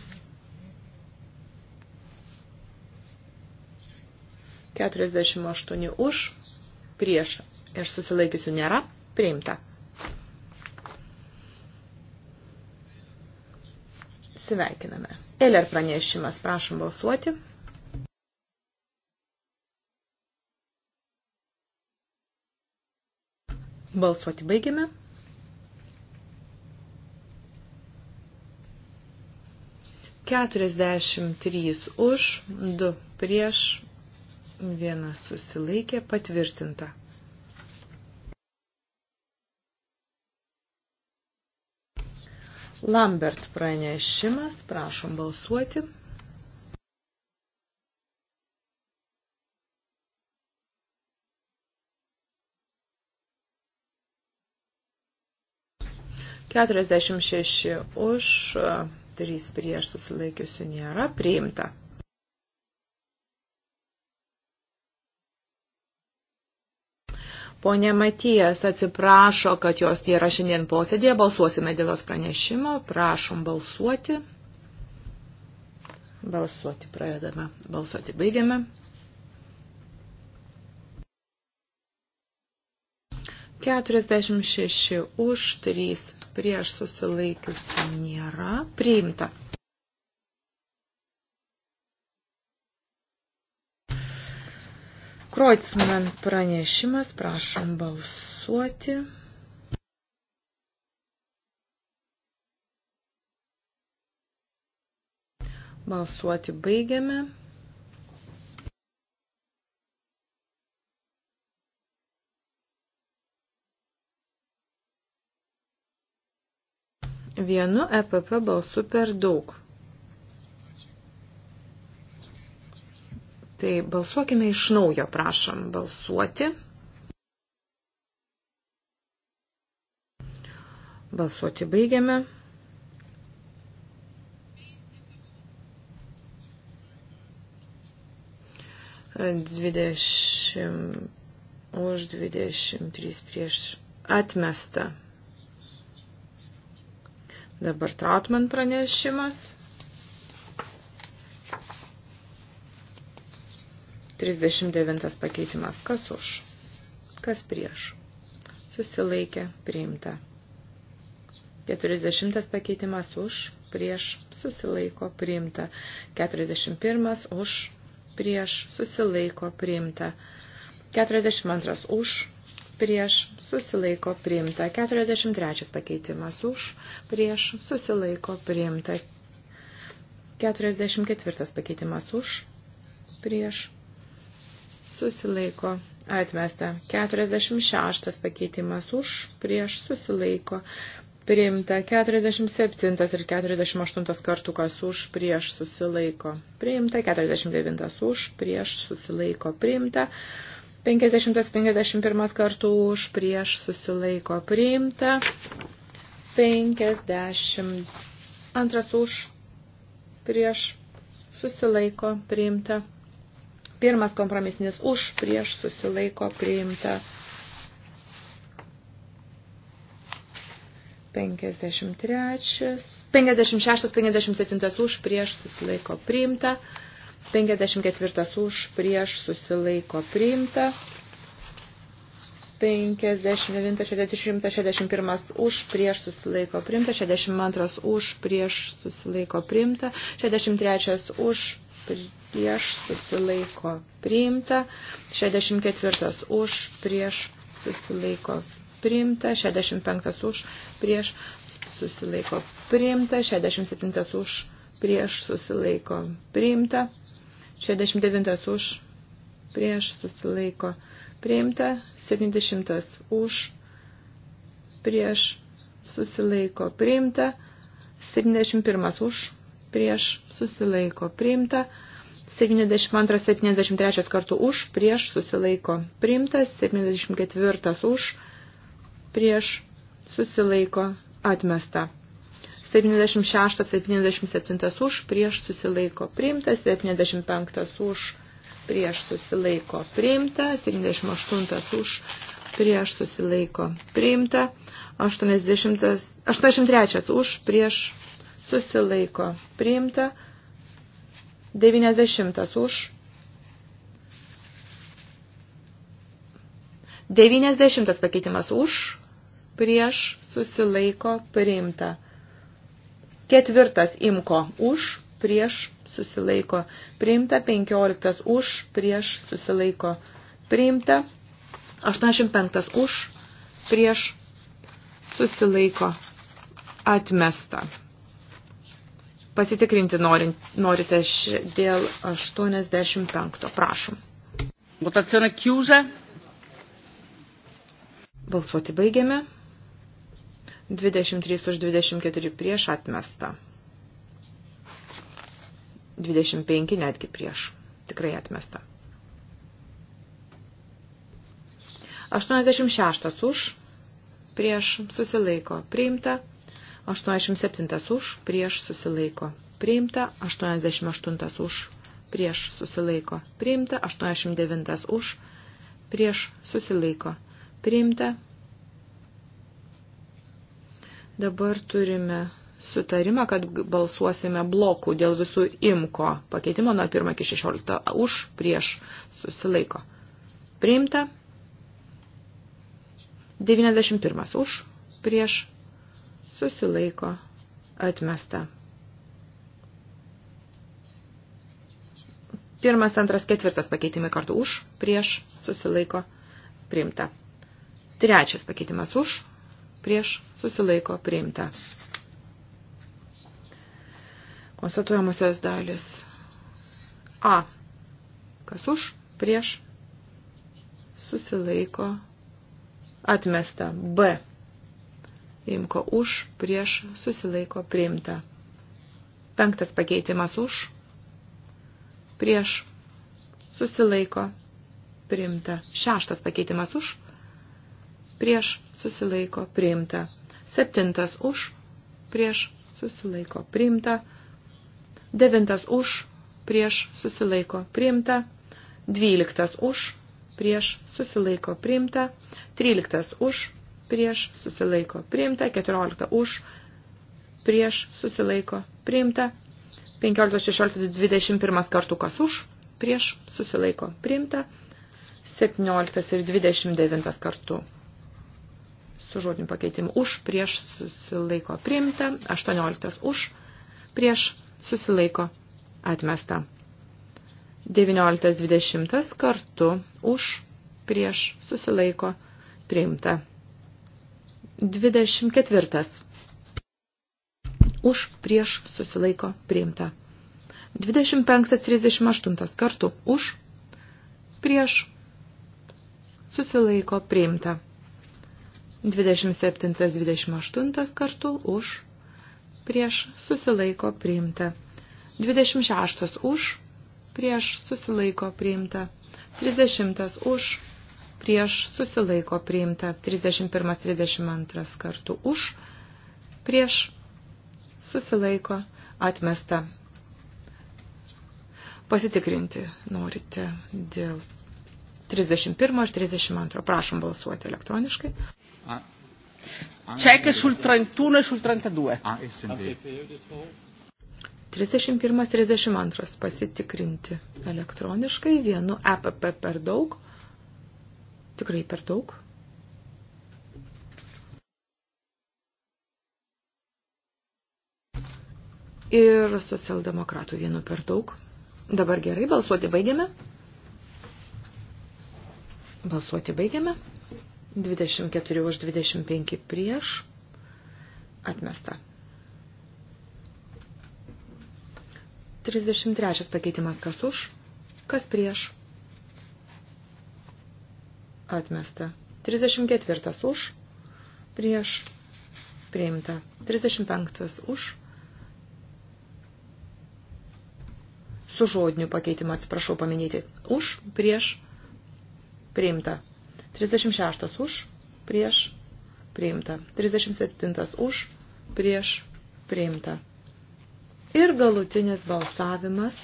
[SPEAKER 2] 48 už, prieš ir susilaikiusių nėra, priimta. Sveikiname. Eller pranešimas, prašom balsuoti. Balsuoti baigiame. Keturiasdešimt trys už, du prieš vienas susilaikė, patvirtinta. Lambert pranešimas, prašom balsuoti. Keturiasdešimt šeši už, trys prieš susilaikiusių nėra, priimta. Pone Matijas atsiprašo, kad jos nėra šiandien posėdėje. Balsuosime dėl jos pranešimo. Prašom balsuoti. Balsuoti pradedame. Balsuoti baigiame. Keturiasdešimt šeši už, trys prieš susilaikius nėra. Priimta. Kreutzmann pranešimas, prašom balsuoti. Balsuoti baigiame. Vienu EPP balsu per daug. Tai balsuokime iš naujo, prašom balsuoti. Balsuoti baigiame. Dvidešimt už 23 prieš atmestą. Dabar Trautman pranešimas. 39 pakeitimas. Kas už? Kas prieš? Susilaikė, priimta. 40 pakeitimas už, prieš, susilaiko, priimta. 41 už, prieš, susilaiko, priimta. 42 už, prieš, susilaiko, priimta. 43 pakeitimas už, prieš, susilaiko, priimta. 44 pakeitimas už, prieš, susilaiko atmesta. 46 pakeitimas už, prieš susilaiko priimta. 47 ir 48 kartų kas už, prieš susilaiko priimta. 49 už, prieš susilaiko priimta. 50-51 kartų už, prieš susilaiko priimta. 52 už, prieš susilaiko priimta. Pirmas kompromisinis už, prieš susilaiko priimta 53, 56, 57 už, prieš susilaiko priimta 54 už, prieš susilaiko priimta 59, 60, 61 už prieš susilaiko primta, 62 už prieš susilaiko primta, 63 už prieš susilaiko priimta, 64 už prieš susilaiko priimta, 65 už prieš susilaiko priimta, 67 už prieš susilaiko priimta, 69 už prieš susilaiko priimta, 70 už prieš susilaiko priimta, 71 už prieš susilaiko priimta. 72-73 kartų už, prieš susilaiko priimtas, 74 už, prieš susilaiko atmesta. 76-77 už, prieš susilaiko priimtas, 75 už, prieš susilaiko priimta, 78 už, prieš susilaiko priimta, 80, 83 už, prieš susilaiko priimta, 90 už, 90 pakeitimas už, prieš susilaiko priimta. Ketvirtas imko už, prieš susilaiko priimta, 15 už, prieš susilaiko priimta, 85 už, prieš susilaiko atmesta pasitikrinti norint, norite š, dėl 85. Prašom. Votazione chiusa. Balsuoti baigiame. 23 už 24 prieš atmesta. 25 netgi prieš. Tikrai atmesta. 86 už prieš susilaiko priimta. 87 už, prieš susilaiko. Priimta 88 už, prieš susilaiko. Priimta 89 už, prieš susilaiko. Priimta. Dabar turime sutarimą, kad balsuosime blokų dėl visų imko pakeitimo nuo 1 iki 16 už, prieš susilaiko. Priimta. 91 už, prieš susilaiko atmesta. Pirmas, antras, ketvirtas pakeitimai kartu už, prieš, susilaiko, priimta. Trečias pakeitimas už, prieš, susilaiko, priimta. Konstatuojamosios dalis. A. Kas už, prieš, susilaiko, atmesta. B Imko už, prieš, susilaiko, priimta. Penktas pakeitimas už, prieš, susilaiko, priimta. Šeštas pakeitimas už, prieš, susilaiko, priimta. Septintas už, prieš, susilaiko, priimta. Devintas už, prieš, susilaiko, priimta. Dvyliktas už, prieš, susilaiko, priimta. Tryliktas už, prieš susilaiko priimta, 14 už prieš susilaiko priimta, 15, 16, 21 kartų kas už prieš susilaiko priimta, 17 ir 29 kartų su žodiniu pakeitimu už prieš susilaiko priimta, 18 už prieš susilaiko atmesta. 19.20 kartu už prieš susilaiko priimta. 24. Už prieš susilaiko priimta. 25.38 kartų už prieš susilaiko priimta. 27-28 kartų už prieš susilaiko priimta. 26 už prieš susilaiko priimta. 30 už prieš susilaiko priimta 31-32 kartų už, prieš susilaiko atmesta. Pasitikrinti norite dėl 31 ir 32. Prašom balsuoti elektroniškai.
[SPEAKER 4] Čekė sul 31 ir sul 32.
[SPEAKER 2] 31-32 pasitikrinti elektroniškai vienu EPP per daug. Tikrai per daug. Ir socialdemokratų vienu per daug. Dabar gerai, balsuoti baigiame. Balsuoti baigiame. 24 už 25 prieš. Atmesta. 33 pakeitimas kas už, kas prieš. Atmesta. 34 už. Prieš. Priimta. 35 už. Su žodiniu pakeitimu atsiprašau paminėti. Už. Prieš. Priimta. 36 už. Prieš. Priimta. 37 už. Prieš. Priimta. Ir galutinis balsavimas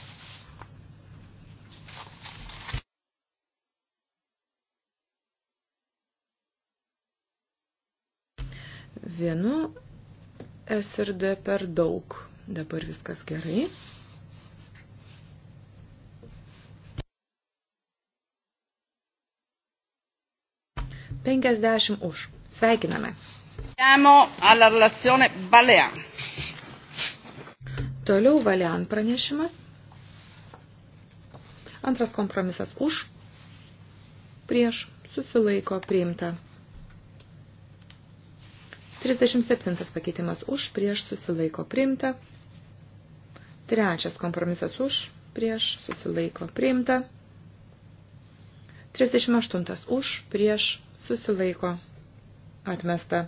[SPEAKER 2] Vienu SRD per daug. Dabar viskas gerai. Penkiasdešimt už. Sveikiname.
[SPEAKER 1] Siamo alla relazione Balean.
[SPEAKER 2] Toliau Valian pranešimas. Antras kompromisas už, prieš, susilaiko, priimta. 37 pakeitimas už, prieš susilaiko priimta. Trečias kompromisas už, prieš susilaiko priimta. 38 už, prieš susilaiko atmesta.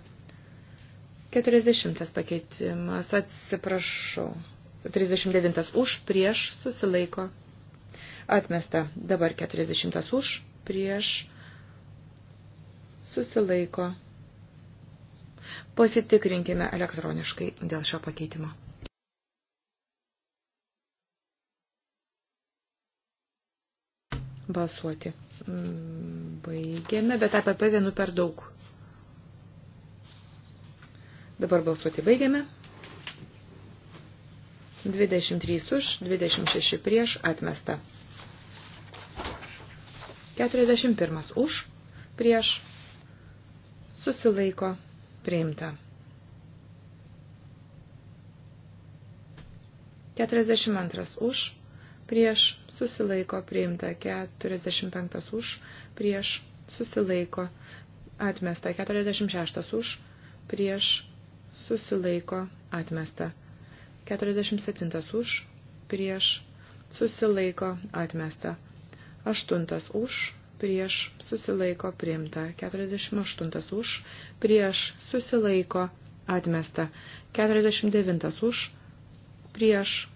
[SPEAKER 2] 40 pakeitimas, atsiprašau. 39 už, prieš susilaiko atmesta. Dabar 40 už, prieš susilaiko Pasitikrinkime elektroniškai dėl šio pakeitimo. Balsuoti. Mm, baigėme, bet APP vienu per daug. Dabar balsuoti baigėme. 23 už, 26 prieš atmesta. 41 už, prieš susilaiko Priimta. 42 už, prieš susilaiko priimta 45 už, prieš susilaiko atmesta 46 už, prieš susilaiko atmesta 47 už, prieš susilaiko atmesta 8 už, prieš susilaiko priimta, 48 už, prieš susilaiko atmesta, 49 už, prieš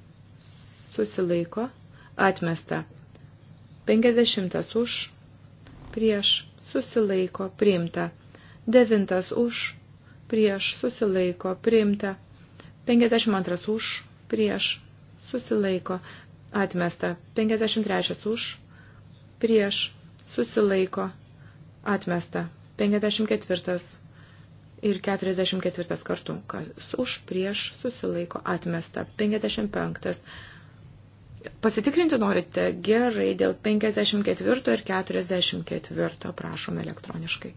[SPEAKER 2] susilaiko atmesta, 50 už, prieš susilaiko priimta, 9 už, prieš susilaiko priimta, 52 už, prieš susilaiko atmesta, 53 už, prieš susilaiko, atmesta. 54 ir 44 kartų, kas už prieš susilaiko, atmesta. 55. Pasitikrinti norite gerai dėl 54 ir
[SPEAKER 4] 44, prašom elektroniškai.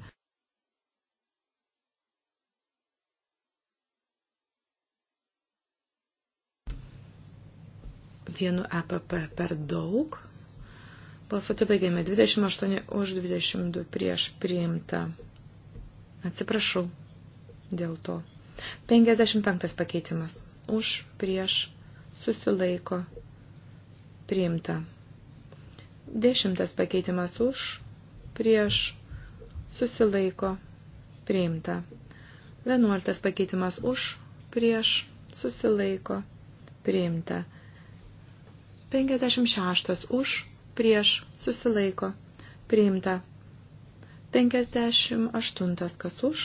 [SPEAKER 2] Vienu EPP per daug. Balsuoti baigėme 28 už 22 prieš priimta. Atsiprašau dėl to. 55 pakeitimas. Už prieš susilaiko priimta. Dešimtas pakeitimas už, prieš, susilaiko, priimta. Vienuoltas pakeitimas už, prieš, susilaiko, priimta. 56 už, prieš susilaiko priimta. 58 kas už.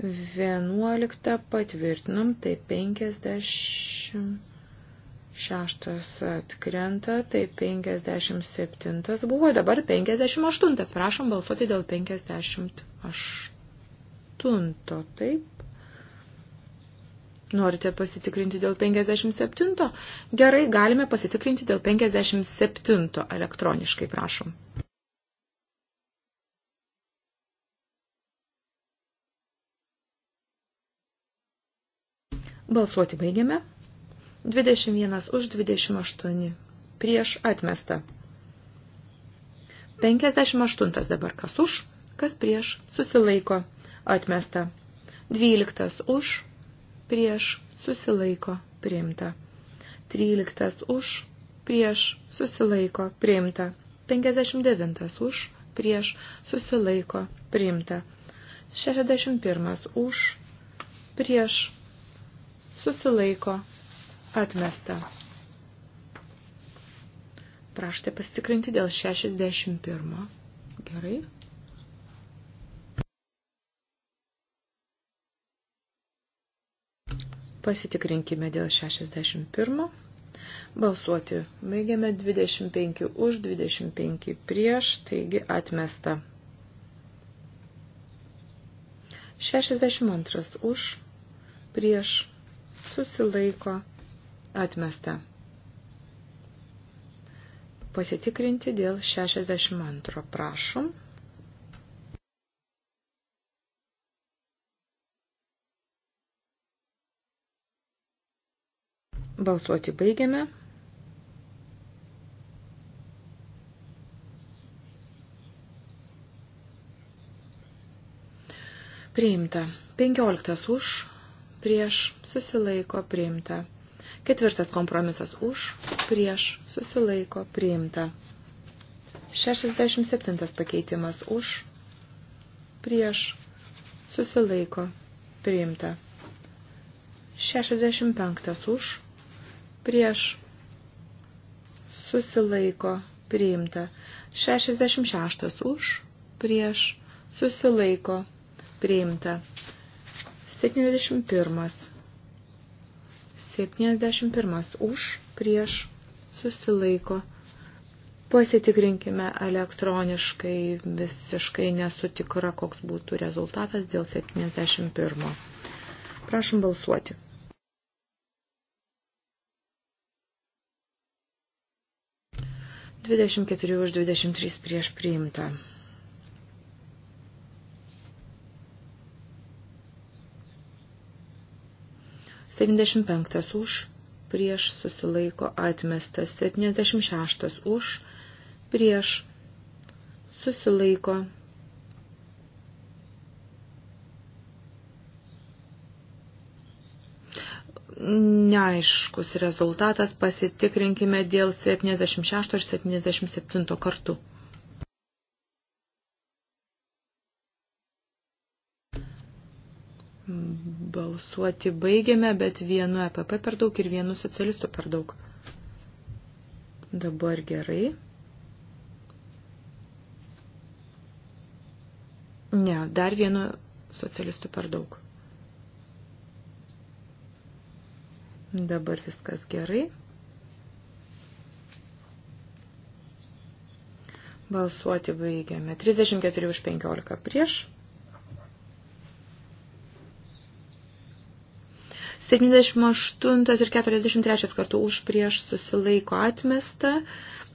[SPEAKER 2] Vienuoliktą patvirtinam, tai penkiasdešimt šeštas atkrenta, tai 57 buvo, dabar 58. Prašom balsuoti dėl 58. Taip. Norite pasitikrinti dėl 57? Gerai, galime pasitikrinti dėl 57 elektroniškai, prašom. Balsuoti baigiame. 21 už 28 prieš atmestą. 58 dabar kas už, kas prieš susilaiko atmestą. 12 už prieš susilaiko priimta. 13 už prieš susilaiko priimta. 59 už prieš susilaiko priimta. 61 už prieš susilaiko Atmesta. Prašote pasitikrinti dėl 61. Gerai. Pasitikrinkime dėl 61. Balsuoti baigiame 25 už, 25 prieš, taigi atmesta. 62 už, prieš, susilaiko, Atmesta. Pasitikrinti dėl 62. Prašom. Balsuoti baigiame. Priimta. 15 už, prieš, susilaiko, priimta. Ketvirtas kompromisas už, prieš, susilaiko, priimta. 67 pakeitimas už, prieš, susilaiko, priimta. 65 už, prieš, susilaiko, priimta. 66 už, prieš, susilaiko, priimta. 71 71 už, prieš, susilaiko. Pasitikrinkime elektroniškai, visiškai nesu tikra, koks būtų rezultatas dėl 71. Prašom balsuoti. Dvidešimt keturi už dvidešimt trys prieš priimtą. 75 už, prieš susilaiko atmestas, 76 už, prieš susilaiko Neaiškus rezultatas pasitikrinkime dėl 76 ir 77 kartų. balsuoti baigėme, bet vienu EPP per daug ir vienu socialistu per daug. Dabar gerai. Ne, dar vienu socialistu per daug. Dabar viskas gerai. Balsuoti baigiame. 34 už 15 prieš. 78 ir 43 kartų už prieš susilaiko atmesta,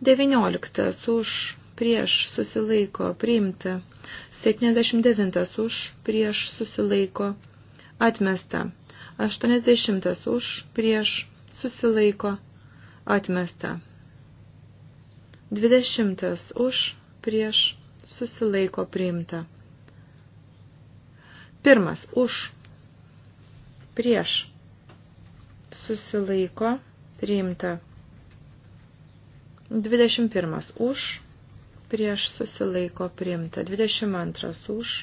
[SPEAKER 2] 19 už prieš susilaiko priimta, 79 už prieš susilaiko atmesta, 80 už prieš susilaiko atmesta, 20 už prieš susilaiko priimta. Pirmas už prieš susilaiko priimta. 21 už, prieš susilaiko priimta. 22 už,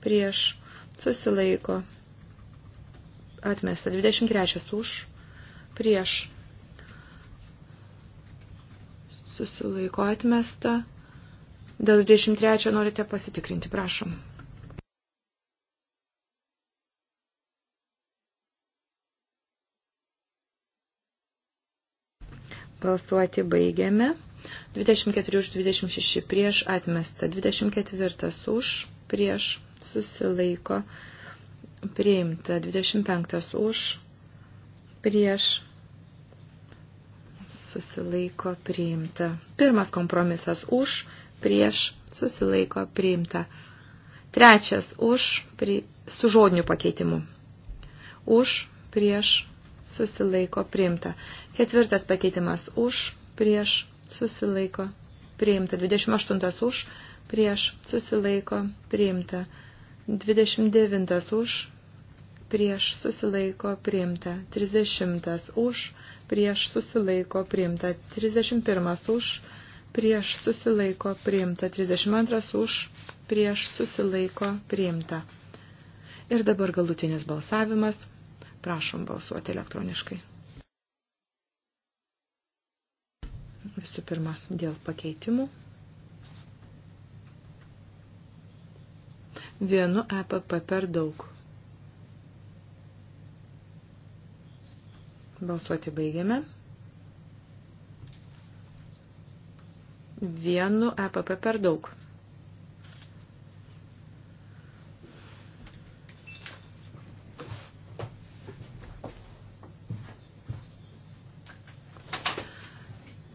[SPEAKER 2] prieš susilaiko atmesta. 23 už, prieš susilaiko atmesta. Dėl 23 norite pasitikrinti, prašom.
[SPEAKER 5] Balsuoti baigiame.
[SPEAKER 2] 24 už 26 prieš atmesta. 24 už prieš susilaiko priimta. 25 už prieš susilaiko priimta. Pirmas kompromisas už prieš susilaiko priimta. Trečias už pri, su žodiniu pakeitimu. Už prieš susilaiko priimta. Ketvirtas pakeitimas už, prieš, susilaiko priimta. 28 už, prieš, susilaiko priimta. 29 už, prieš, susilaiko priimta. 30 už, prieš, susilaiko priimta. 31 už, prieš, susilaiko priimta. 32 už, prieš, susilaiko priimta. Ir dabar galutinis balsavimas. Prašom balsuoti elektroniškai. Visų pirma, dėl pakeitimų. Vienu EPP per daug. Balsuoti baigiame. Vienu EPP per daug.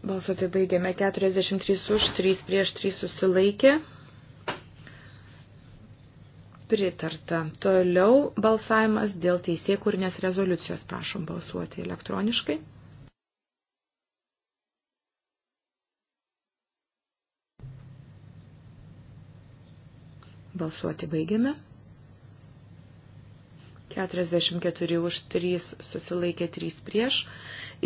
[SPEAKER 2] Balsuoti baigėme 43 už, 3 prieš 3 susilaikė. Pritarta. Toliau balsavimas dėl teisėkūrinės rezoliucijos. Prašom balsuoti elektroniškai. Balsuoti baigėme. 44 už 3 susilaikė 3 prieš.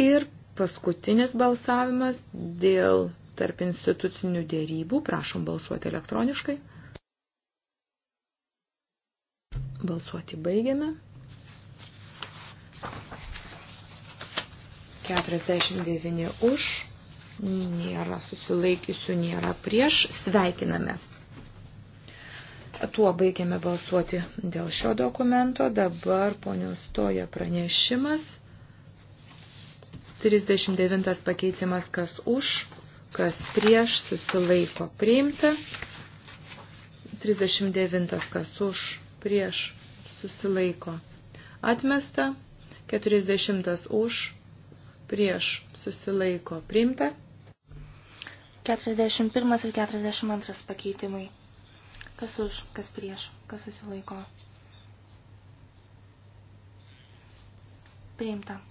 [SPEAKER 2] Ir paskutinis balsavimas dėl tarp institucinių dėrybų. Prašom balsuoti elektroniškai. Balsuoti baigiame. 49 už, nėra susilaikysių, nėra prieš. Sveikiname. Tuo baigiame balsuoti dėl šio dokumento. Dabar ponios Toja pranešimas. 39 pakeitimas kas už, kas prieš, susilaiko priimta. 39 kas už, prieš, susilaiko atmesta. 40 už, prieš, susilaiko priimta.
[SPEAKER 3] 41 ir 42 pakeitimai. Kas už, kas prieš, kas susilaiko. Priimta.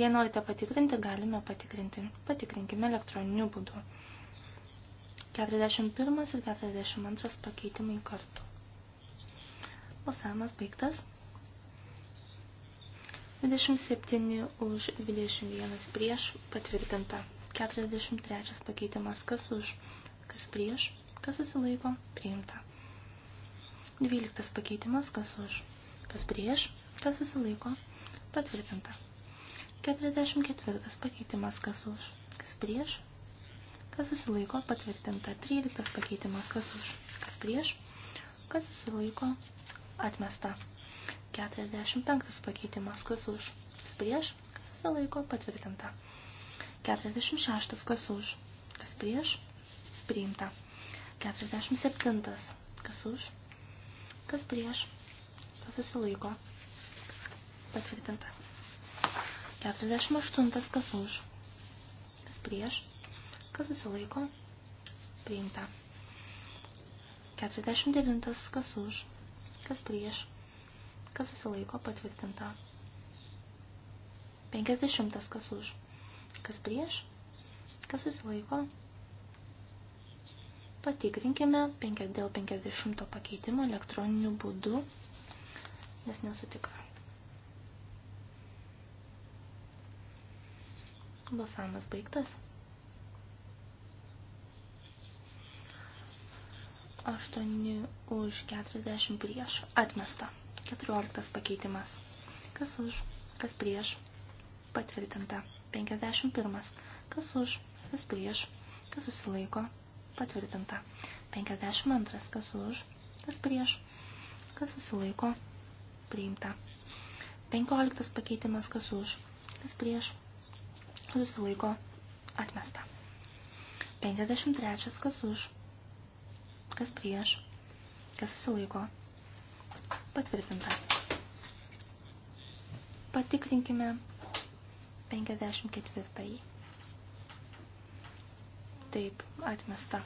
[SPEAKER 3] Jei norite patikrinti, galime patikrinti. Patikrinkime elektroniniu būdu. 41 ir 42 pakeitimai kartu. Balsavimas baigtas. 27 už 21 prieš patvirtinta. 43 pakeitimas kas už, kas prieš, kas susilaiko, priimta. 12 pakeitimas kas už, kas prieš, kas susilaiko, patvirtinta. 44 pakeitimas kas už, kas prieš, kas susilaiko patvirtinta. 13 pakeitimas kas už, kas prieš, kas susilaiko atmesta. 45 pakeitimas kas už, kas prieš, kas susilaiko patvirtinta. 46 kas už, kas prieš, priimta. 47 kas už, kas prieš, kas susilaiko patvirtinta. 48. Kas už? Kas prieš? Kas susilaiko? Priimta. 49. Kas už? Kas prieš? Kas susilaiko? Patvirtinta. 50. Kas už? Kas prieš? Kas susilaiko? Patikrinkime dėl 50 pakeitimo elektroniniu būdu, nes nesu tikra. Balsavimas baigtas. 8 už 40 prieš. Atmesta. 14 pakeitimas. Kas už, kas prieš. Patvirtinta. 51. Kas už, kas prieš. Kas susilaiko. Patvirtinta. 52. Kas už, kas prieš. Kas susilaiko. Priimta. 15 pakeitimas. Kas už, kas prieš susilaiko atmesta. 53. Kas už, kas prieš, kas susilaiko patvirtinta. Patikrinkime 54. Taip, atmesta.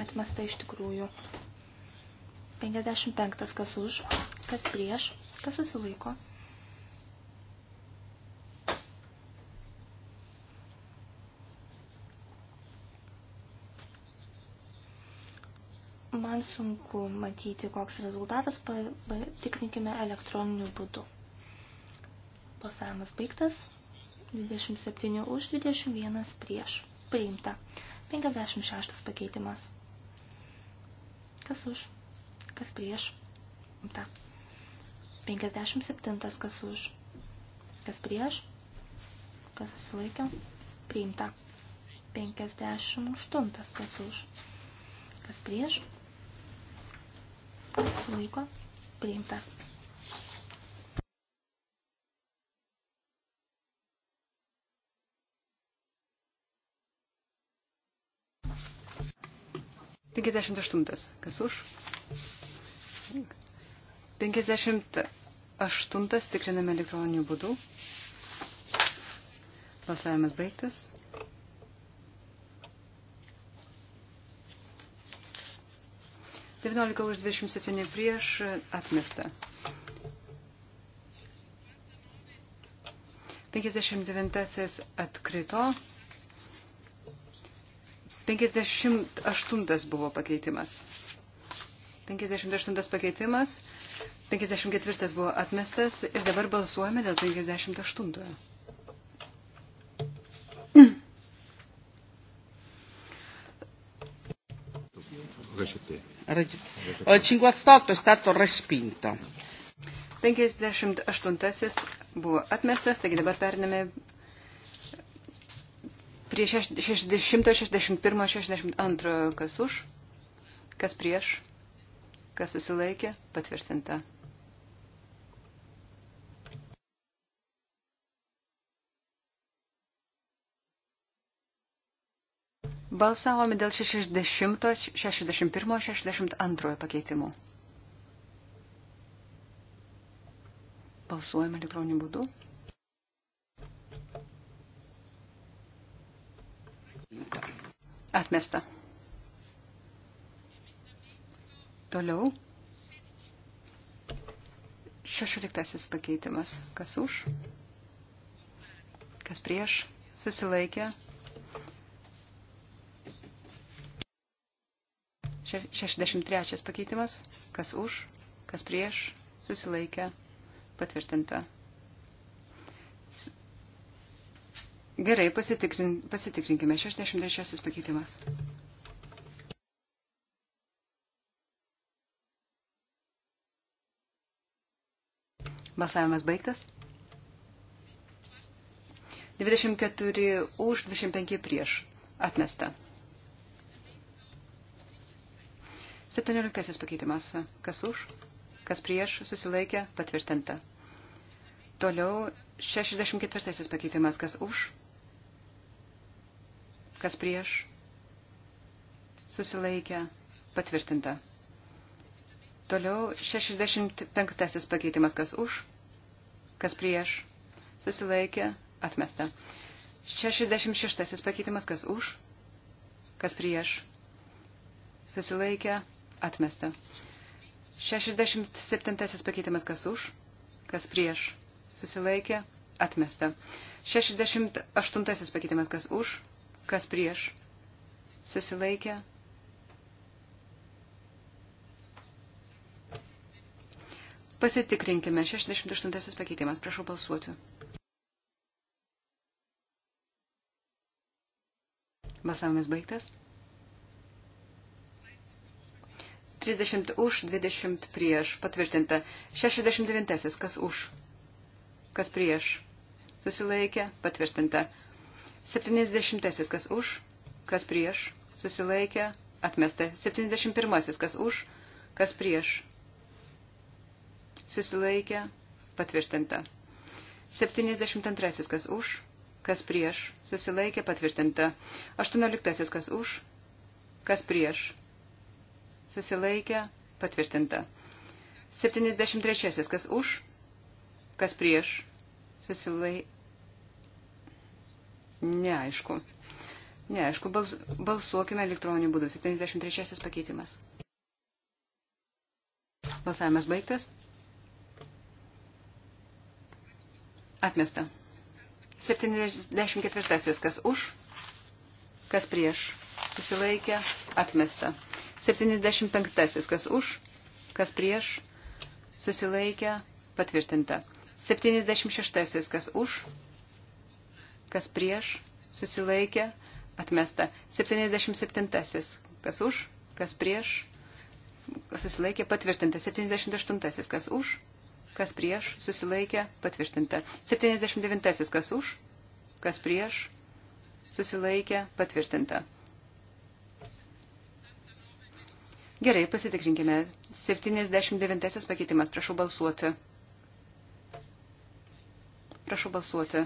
[SPEAKER 3] atmesta iš tikrųjų. 55. Kas už, kas prieš, kas susilaiko. Man sunku matyti, koks rezultatas, patikrinkime elektroniniu būdu. Balsavimas baigtas, 27 už, 21 prieš. Priimta. 56 pakeitimas. Kas už? kas prieš, ta. 57, kas už, kas prieš, kas susilaikė, priimta. 58, kas už, kas prieš, kas susilaiko, priimta.
[SPEAKER 5] Penkiasdešimt aštuntas. Kas už? 58 tikriname elektroniniu būdu. Balsavimas baigtas. Devyniolika už 27 prieš atmesta. 59 atkrito. 58 buvo pakeitimas. 58 pakeitimas, 54 buvo atmestas ir dabar balsuojame dėl 58.
[SPEAKER 1] Il 58 è stato respinto.
[SPEAKER 5] 58 buvo atmestas, taigi dabar periname prie 60, 61, 62, kas už, kas prieš Kas susilaikė? Patvirtinta. Balsavome dėl 60, 61, 62 pakeitimų. Balsuojame elektroniniu būdu. Atmesta. Toliau. Šešioliktasis pakeitimas. Kas už? Kas prieš? Susilaikė. Šešdešimt trečias pakeitimas. Kas už? Kas prieš? Susilaikė. Patvirtinta. Gerai, pasitikrin, pasitikrinkime. 63 pakeitimas. Balsavimas baigtas. 24 už, 25 prieš. Atmesta. 17 pakeitimas. Kas už, kas prieš, susilaikė, patvirtinta. Toliau 64 pakeitimas. Kas už, kas prieš, susilaikė, patvirtinta. Toliau 65 pakeitimas, kas už, kas prieš, susilaikė, atmesta. 66 pakeitimas, kas už, kas prieš, susilaikė, atmesta. 67 pakeitimas, kas už, kas prieš, susilaikė, atmesta. 68 pakeitimas, kas už, kas prieš, susilaikė, Pasitikrinkime. 68 pakeitimas. Prašau balsuoti. Balsavimas baigtas. 30 už, 20 prieš. Patvirtinta. 69. Kas už? Kas prieš? Susilaikė. Patvirtinta. 70. Kas už? Kas prieš? Susilaikė. Atmesta. 71. Kas už? Kas prieš? susilaikė, patvirtinta. 72. Kas už, kas prieš, susilaikė, patvirtinta. 18. Kas už, kas prieš, susilaikė, patvirtinta. 73. Kas už, kas prieš, susilaikė. Neaišku. Neaišku, bals, balsuokime elektroniniu būdu. 73 pakeitimas. Balsavimas baigtas. Atmesta. 74. Kas už, kas prieš. Susilaikė. Atmesta. 75. Kas už, kas prieš. Susilaikė. Patvirtinta. 76. Kas už, kas prieš. Susilaikė. Atmesta. 77. Kas už, kas prieš. Susilaikė. Patvirtinta. 78. Kas už, kas prieš, susilaikė, patvirtinta. 79. kas už, kas prieš, susilaikė, patvirtinta. Gerai, pasitikrinkime. 79 pakeitimas, prašau balsuoti. Prašau balsuoti.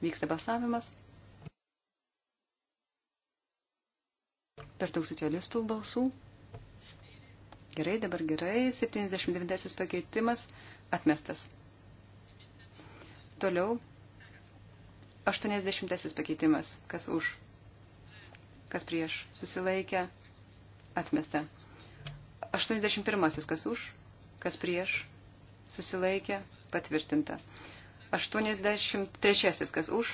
[SPEAKER 5] Vyksta balsavimas. Per daug socialistų balsų. Gerai, dabar gerai. 79 pakeitimas atmestas. Toliau. 80 pakeitimas. Kas už? Kas prieš? Susilaikė. Atmesta. 81 kas už? Kas prieš? Susilaikė. Patvirtinta. 83 kas už?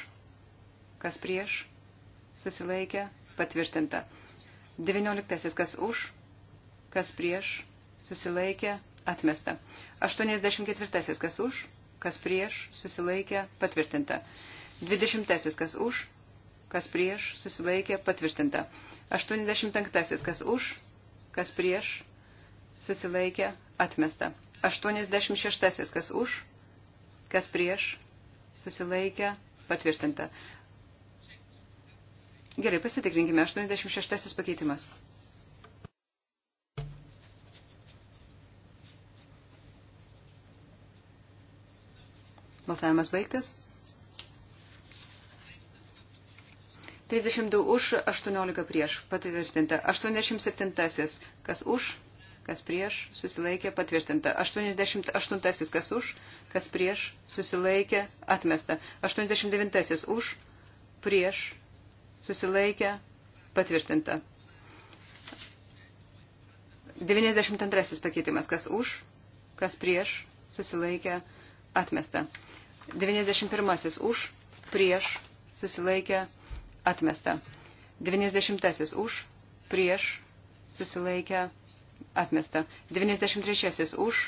[SPEAKER 5] Kas prieš? Susilaikė. Patvirtinta. 19 kas už? kas prieš, susilaikė, atmesta. 84. kas už, kas prieš, susilaikė, patvirtinta. 20. kas už, kas prieš, susilaikė, patvirtinta. 85. kas už, kas prieš, susilaikė, atmesta. 86. kas už, kas prieš, susilaikė, patvirtinta. Gerai, pasitikrinkime. 86 pakeitimas. Balsavimas baigtas. 32 už, 18 prieš. Patvirtinta. 87. Kas už, kas prieš, susilaikė, patvirtinta. 88. Kas už, kas prieš, susilaikė, atmesta. 89. Už, prieš, susilaikė, patvirtinta. 92. Pakeitimas. Kas už, kas prieš, susilaikė, atmesta. 91 už, prieš, susilaikė, atmesta. 90 už, prieš, susilaikė, atmesta. 93 už,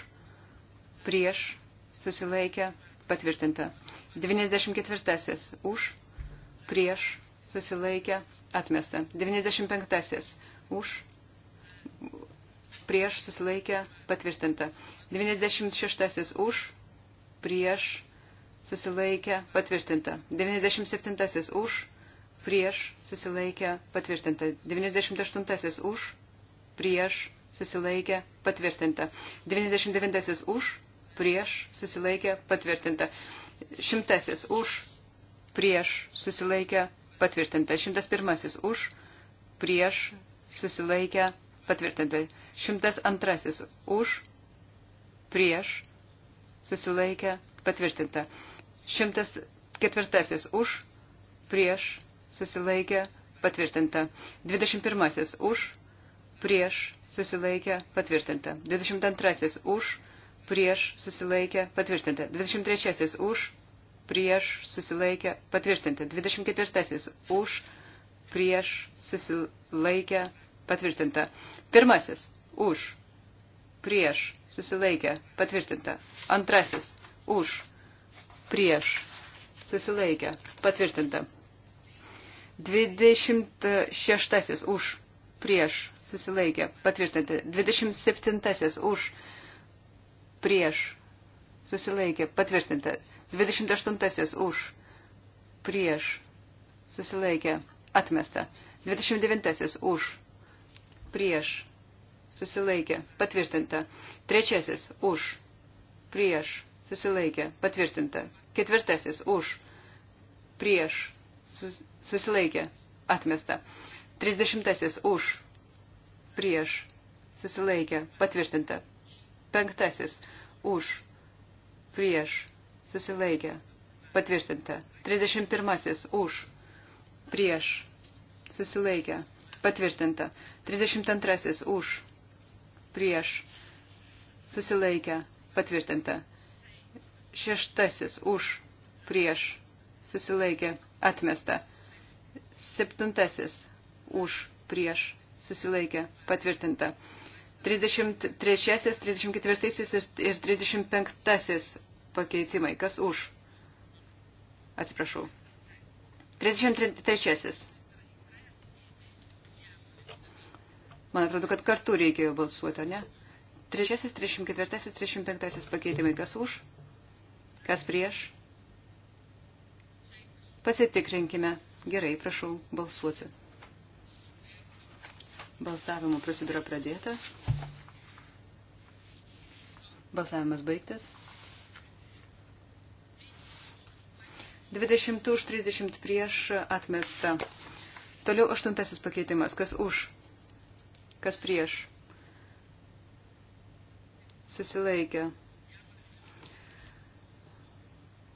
[SPEAKER 5] prieš, susilaikė, patvirtinta. 94 už, prieš, susilaikė, atmesta. 95 už, prieš, susilaikė, patvirtinta. 96 už, prieš, susilaikė, patvirtinta. 97 už, prieš, susilaikė, patvirtinta. 98 už, prieš, susilaikė, patvirtinta. 99 už, prieš, susilaikė, patvirtinta. 100 už, prieš, susilaikė, patvirtinta. 101 už, prieš, susilaikė, patvirtinta. 102 už, prieš, susilaikė, patvirtinta. Šimtas ketvirtasis už, prieš, susilaikė, patvirtinta. Dvidešimt pirmasis už, prieš, susilaikė, patvirtinta. Dvidešimt antrasis už, prieš, susilaikė, patvirtinta. Dvidešimt trečiasis už, prieš, susilaikė, patvirtinta. Dvidešimt ketvirtasis už, prieš, susilaikė, patvirtinta. Pirmasis už, prieš, susilaikė, patvirtinta. Antrasis už, prieš, susilaikė, patvirtinta. 26 už, prieš, susilaikė, patvirtinta. 27 už, prieš, susilaikė, patvirtinta. 28 už, prieš, susilaikė, atmesta. 29 už, prieš, susilaikė, patvirtinta. Trečiasis už, prieš, susilaikė, patvirtinta. Ketvirtasis už, prieš, sus, susilaikė, atmesta. Trisdešimtasis už, prieš, susilaikė, patvirtinta. Penktasis už, prieš, susilaikė, patvirtinta. Trisdešimt pirmasis už, prieš, susilaikė, patvirtinta. Trisdešimt antrasis už, prieš, susilaikė, patvirtinta. Šeštasis už prieš susilaikė atmesta. Septintasis už prieš susilaikė patvirtinta. 33, 34 ir 35 pakeitimai. Kas už? Atsiprašau. 33. Man atrodo, kad kartu reikėjo balsuoti, ar ne? 3, 34, 35 pakeitimai. Kas už? Kas prieš? Pasitikrinkime. Gerai, prašau balsuoti. Balsavimo procedūra pradėta. Balsavimas baigtas. 20 už 30 prieš atmesta. Toliau aštuntasis pakeitimas. Kas už? Kas prieš? Susilaikė.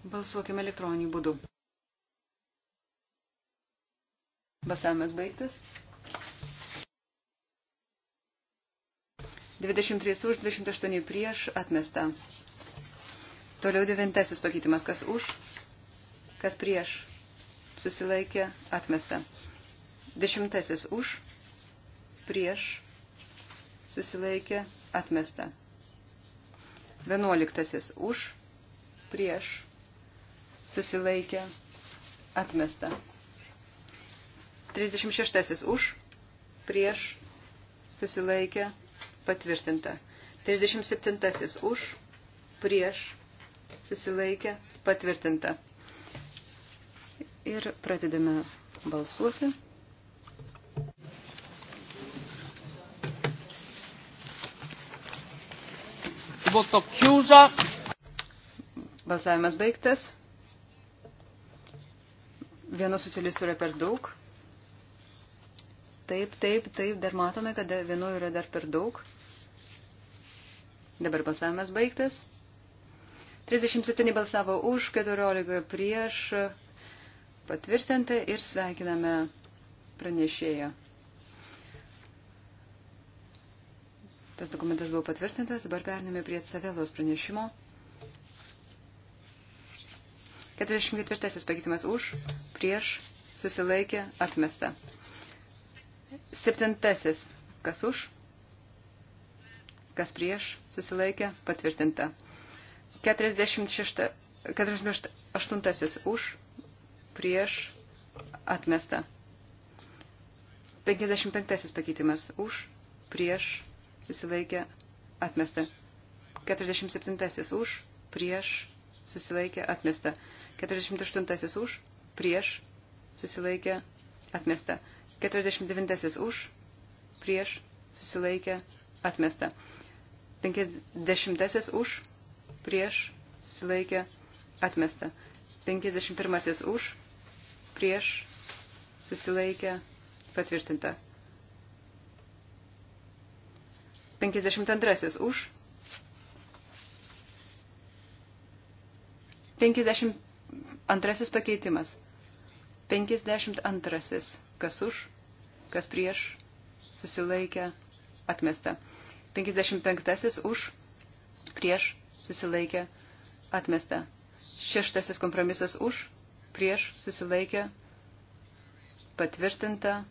[SPEAKER 5] Balsuokime elektroniniu būdu. Balsavimas baigtas. 23 už, 28 prieš, atmesta. Toliau devintasis pakeitimas, kas už, kas prieš, susilaikė, atmesta. Dešimtasis už, prieš, susilaikė, atmesta. Vienuoliktasis už, prieš, susilaikė, atmesta. 36 už, prieš, susilaikė, patvirtinta. 37 už, prieš, susilaikė, patvirtinta. Ir pradedame balsuoti. voto chiuso. Balsavimas baigtas. Vieno socialistų yra per daug. Taip, taip, taip, dar matome, kad vieno yra dar per daug. Dabar balsavimas baigtas. 37 balsavo už, 14 prieš. Patvirtinta ir sveikiname pranešėją. Tas dokumentas buvo patvirtintas, dabar pernėme prie Savelos pranešimo. 44 pakeitimas už, prieš, susilaikė, atmesta. Septintasis, kas už, kas prieš, susilaikė, patvirtinta. 46, 48 už, prieš, atmesta. 55 pakeitimas už, prieš, susilaikė, atmesta. 47 už, prieš, susilaikė atmesta. 48 už, prieš, susilaikė atmesta. 49 už, prieš, susilaikė atmesta. 50 už, prieš, susilaikė atmesta. 51 už, prieš, susilaikė patvirtinta. 52 už, 52 pakeitimas. 52. Kas už, kas prieš, susilaikė, atmesta. 55. Už, prieš, susilaikė, atmesta. Šeštasis kompromisas už, prieš, susilaikė, patvirtinta.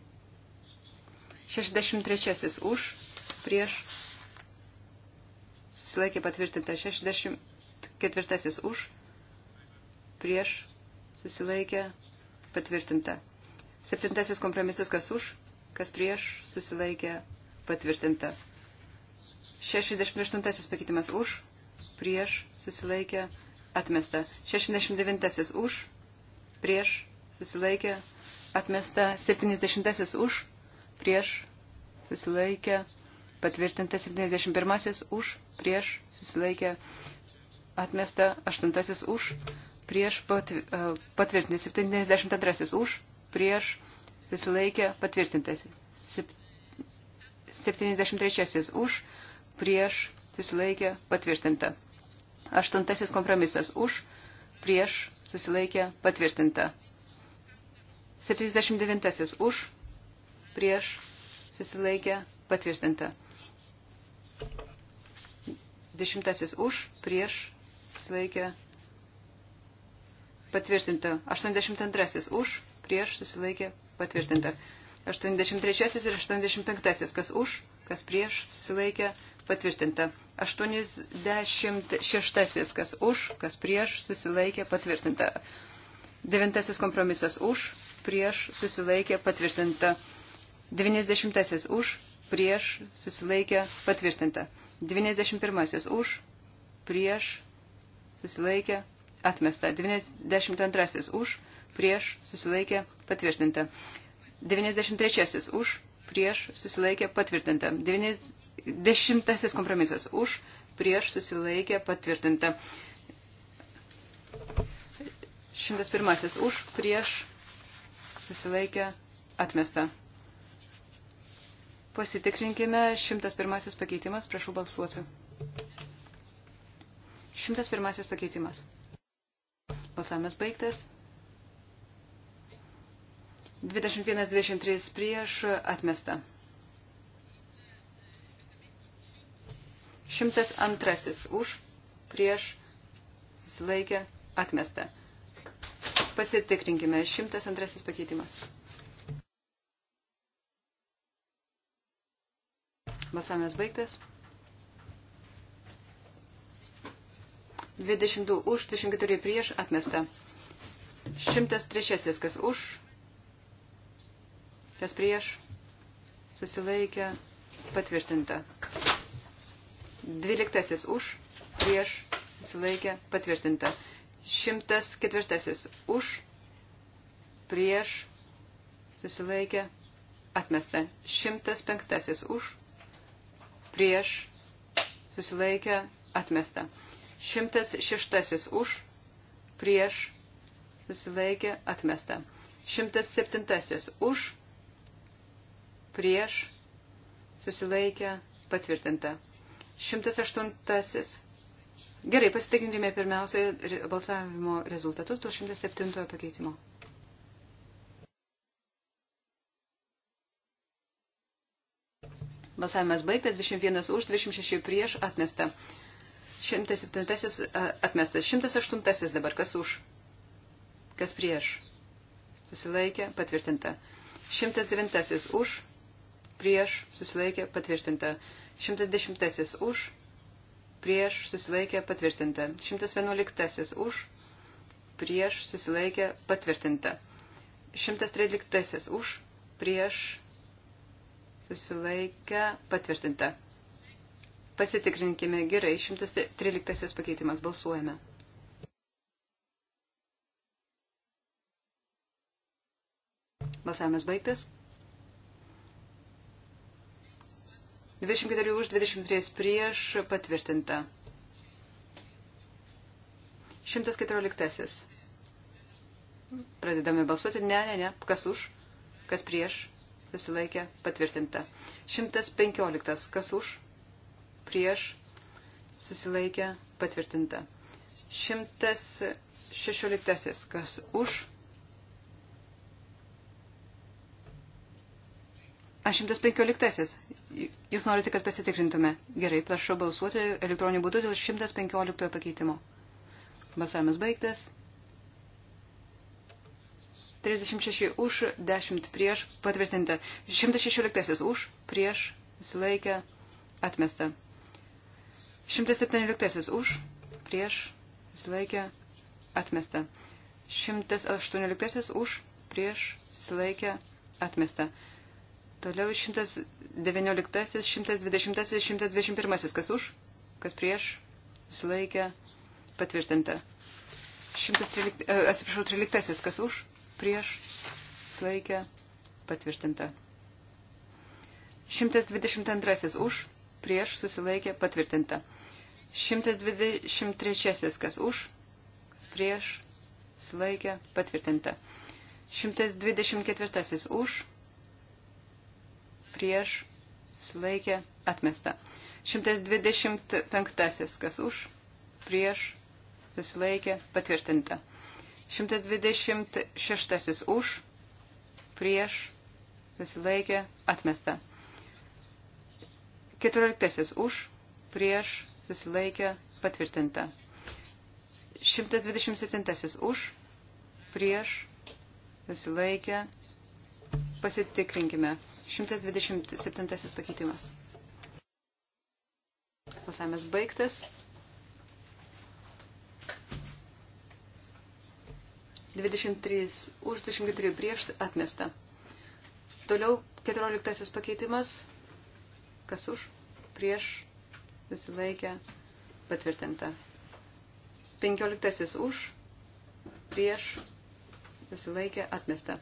[SPEAKER 5] 63 už, prieš, susilaikė patvirtinta. 64 už, prieš, susilaikė, patvirtinta. Septintasis kompromisas, kas už, kas prieš, susilaikė, patvirtinta. 68 pakeitimas už, prieš, susilaikė, atmesta. 69 už, prieš, susilaikė, atmesta. 70 už, prieš, susilaikė, patvirtinta. 71 už, prieš, susilaikė, atmesta. 8 už, prieš e, patvirtinti. 72 už, prieš susilaikė patvirtintas. 73 už, prieš susilaikė patvirtinta. 8 kompromisas už, prieš susilaikė patvirtinta. 79 už, prieš susilaikė patvirtinta. 10 už, prieš susilaikė patvirtinta patvirtinta. 82 už, prieš susilaikė patvirtinta. 83 ir 85, kas už, kas prieš susilaikė patvirtinta. 86, kas už, kas prieš susilaikė patvirtinta. 9 kompromisas už, prieš susilaikė patvirtinta. 90 už, prieš susilaikė patvirtinta. 91 už, prieš susilaikė atmesta. 92 už, prieš, susilaikė, patvirtinta. 93 už, prieš, susilaikė, patvirtinta. 90 kompromisas už, prieš, susilaikė, patvirtinta. 101 už, prieš, susilaikė, atmesta. Pasitikrinkime 101 pakeitimas, prašau balsuoti. 101 pakeitimas. Balsavimas baigtas. 21-23 prieš atmesta. 102 už prieš susilaikę atmesta. Pasitikrinkime 102 pakeitimas. Balsavimas baigtas. 22 už, 24 prieš atmesta. 103 kas už, kas prieš, susilaikė, patvirtinta. 12 už, prieš, susilaikė, patvirtinta. 104 už, prieš, susilaikė, atmesta. 105 už, prieš, susilaikė, atmesta. 106 už, prieš, susilaikė, atmesta. 107 už, prieš, susilaikė, patvirtinta. 108. Gerai, pasitikrinkime pirmiausia balsavimo rezultatus dėl 107 pakeitimo. Balsavimas baigtas, 21 už, 26 prieš, atmesta. 107 e, atmestas. 108 dabar kas už? Kas prieš? Susilaikė, patvirtinta. 109 už, prieš, susilaikė, patvirtinta. 110 už, prieš, susilaikė, patvirtinta. 111 už, prieš, susilaikė, patvirtinta. 113 už, prieš, susilaikė, patvirtinta. Pasitikrinkime gerai, 113 pakeitimas balsuojame. Balsavimas baigtas. 24 už, 23 prieš patvirtinta. 114. Pradedame balsuoti. Ne, ne, ne. Kas už? Kas prieš? Susilaikė. Patvirtinta. 115. Kas už? prieš, susilaikė, patvirtinta. 116. Kas už? A, 115. Jūs norite, kad pasitikrintume. Gerai, prašau balsuoti elektroniniu būdu dėl 115 pakeitimo. Balsavimas baigtas. 36 už, 10 prieš, patvirtinta. 116 už, prieš, susilaikę, atmesta. 117 už, prieš, susilaikė, atmesta. 118 už, prieš, susilaikė, atmesta. Toliau 119, 120, 121, kas už, kas prieš, susilaikė, patvirtinta. 113, e, atsiprašau, 13, kas už, prieš, susilaikė, patvirtinta. 122 už, prieš, susilaikė, patvirtinta. 123. Kas už, kas prieš, sulaikė, patvirtinta. 124. Už, prieš, sulaikė, atmesta. 125. Kas už, prieš, susilaikė, patvirtinta. 126. Už, prieš, susilaikė, atmesta. 14. Už, prieš, susilaikė, patvirtinta. 127 už, prieš, susilaikė, pasitikrinkime. 127 pakeitimas. Balsavimas baigtas. 23 už 23 prieš atmesta. Toliau 14 pakeitimas. Kas už? Prieš susilaikė, patvirtinta. Penkioliktasis už, prieš, susilaikė, atmesta.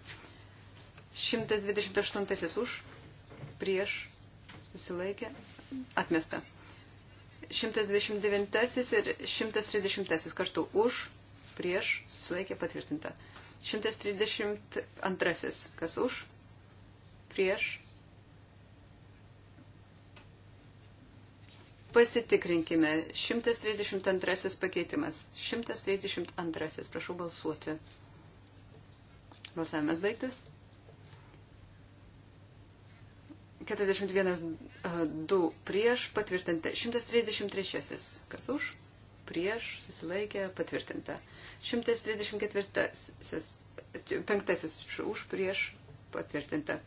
[SPEAKER 5] 128 už, prieš, susilaikė, atmesta. 129 ir 130 kartu už, prieš, susilaikė, patvirtinta. 132 kas už, prieš, Pasitikrinkime. 132 pakeitimas. 132. Prašau balsuoti. Balsavimas baigtas. 41, 2 e, prieš patvirtinta. 133. Kas už? Prieš susilaikė patvirtinta. 134. Penktasis už prieš patvirtinta.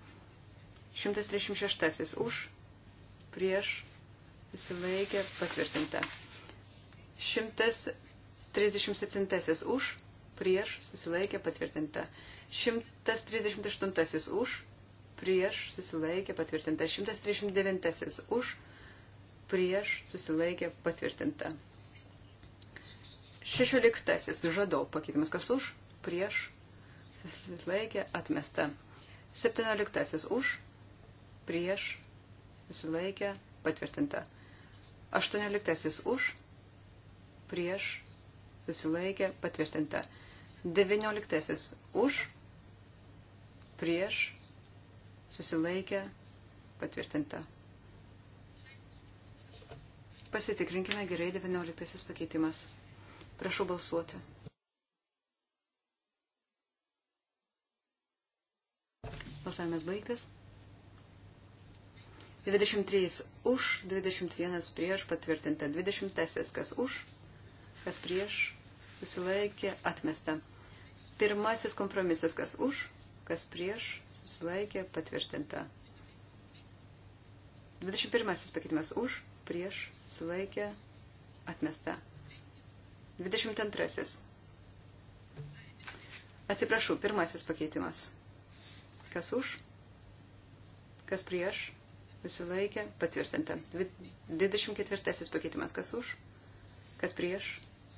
[SPEAKER 5] 136. Už prieš susilaikė patvirtinta. 137 už, prieš, susilaikė patvirtinta. 138 už, prieš, susilaikė patvirtinta. 139 už, prieš, susilaikė patvirtinta. 16 žadau pakeitimas kas už, prieš, susilaikė atmesta. 17 už, prieš, susilaikė patvirtinta. 18 už, prieš, susilaikė, patvirtinta. 19 už, prieš, susilaikė, patvirtinta. Pasitikrinkime gerai 19 pakeitimas. Prašau balsuoti. Balsavimas baigtas. 23 už, 21 prieš patvirtinta, 20 kas už, kas prieš susilaikė atmesta. Pirmasis kompromisas, kas už, kas prieš susilaikė patvirtinta. 21 pakeitimas už, prieš susilaikė atmesta. 22. Atsiprašau, pirmasis pakeitimas. Kas už? Kas prieš? susilaikė, patvirtinta. 24 pakeitimas, kas už, kas prieš,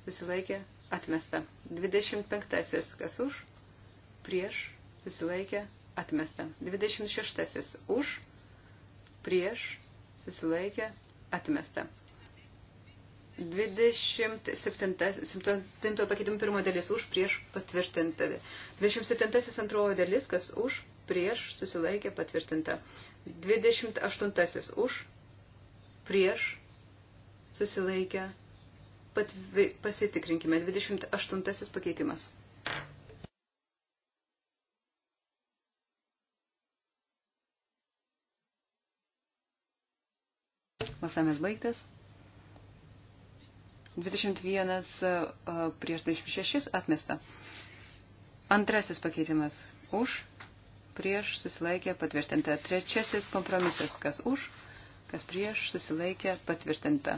[SPEAKER 5] susilaikė, atmesta. 25 kas už, prieš, susilaikė, atmesta. 26 už, prieš, susilaikė, atmesta. 27 pakeitimų pirmo dalis už prieš patvirtinta. 27 antrojo dalis, kas už prieš susilaikė patvirtinta. 28 už, prieš, susilaikę, patvi, pasitikrinkime. 28 pakeitimas. Balsavimas baigtas. 21 e, prieš 26 atmesta. Antrasis pakeitimas už, prieš susilaikė patvirtinta. Trečiasis kompromisas, kas už, kas prieš susilaikė patvirtinta.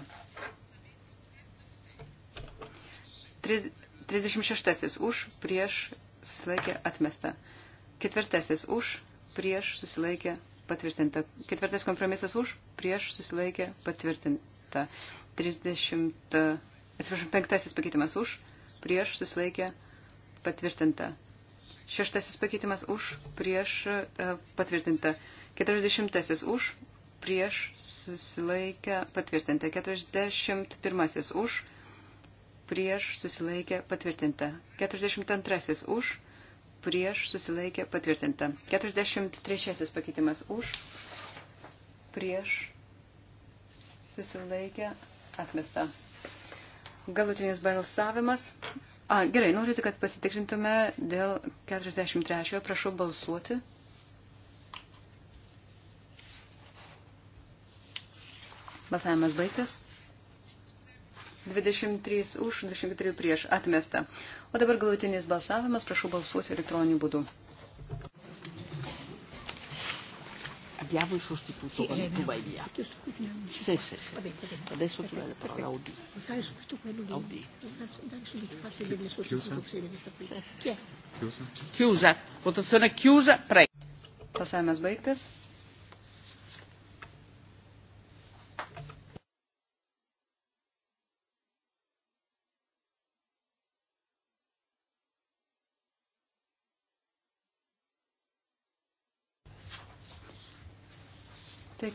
[SPEAKER 5] 36 už, prieš susilaikė atmesta. Ketvirtasis už, prieš susilaikė patvirtinta. Ketvirtas kompromisas už, prieš susilaikė patvirtinta. 30, atsiprašau, penktasis pakeitimas už, prieš susilaikė patvirtinta. Šeštasis pakeitimas už, prieš e, patvirtinta. Keturiasdešimtasis už, prieš susilaikę patvirtinta. Keturiasdešimt pirmasis už, prieš susilaikę patvirtinta. Keturiasdešimt antrasis už, prieš susilaikę patvirtinta. Keturiasdešimt trečiasis pakeitimas už, prieš susilaikę atmesta. Galutinis balsavimas A, gerai, norite, kad pasitikrintume dėl 43-ojo, prašau balsuoti. Balsavimas baigtas. 23 už, 24 prieš atmesta. O dabar galutinis balsavimas, prašau balsuoti elektroniniu būdu.
[SPEAKER 1] abbiamo il sostituto
[SPEAKER 5] sì, quando eh, tu vai via. Sì,
[SPEAKER 4] sì, sì. Va bene, va bene. Adesso tu dai la parola a Audi. Vuoi fare subito quello lì? Audi. Dai subito, fa sedere il sostituto che deve stare qui. Chi
[SPEAKER 1] è? Chiusa. Chiusa. Votazione chiusa, prego. Passiamo a sbagliare.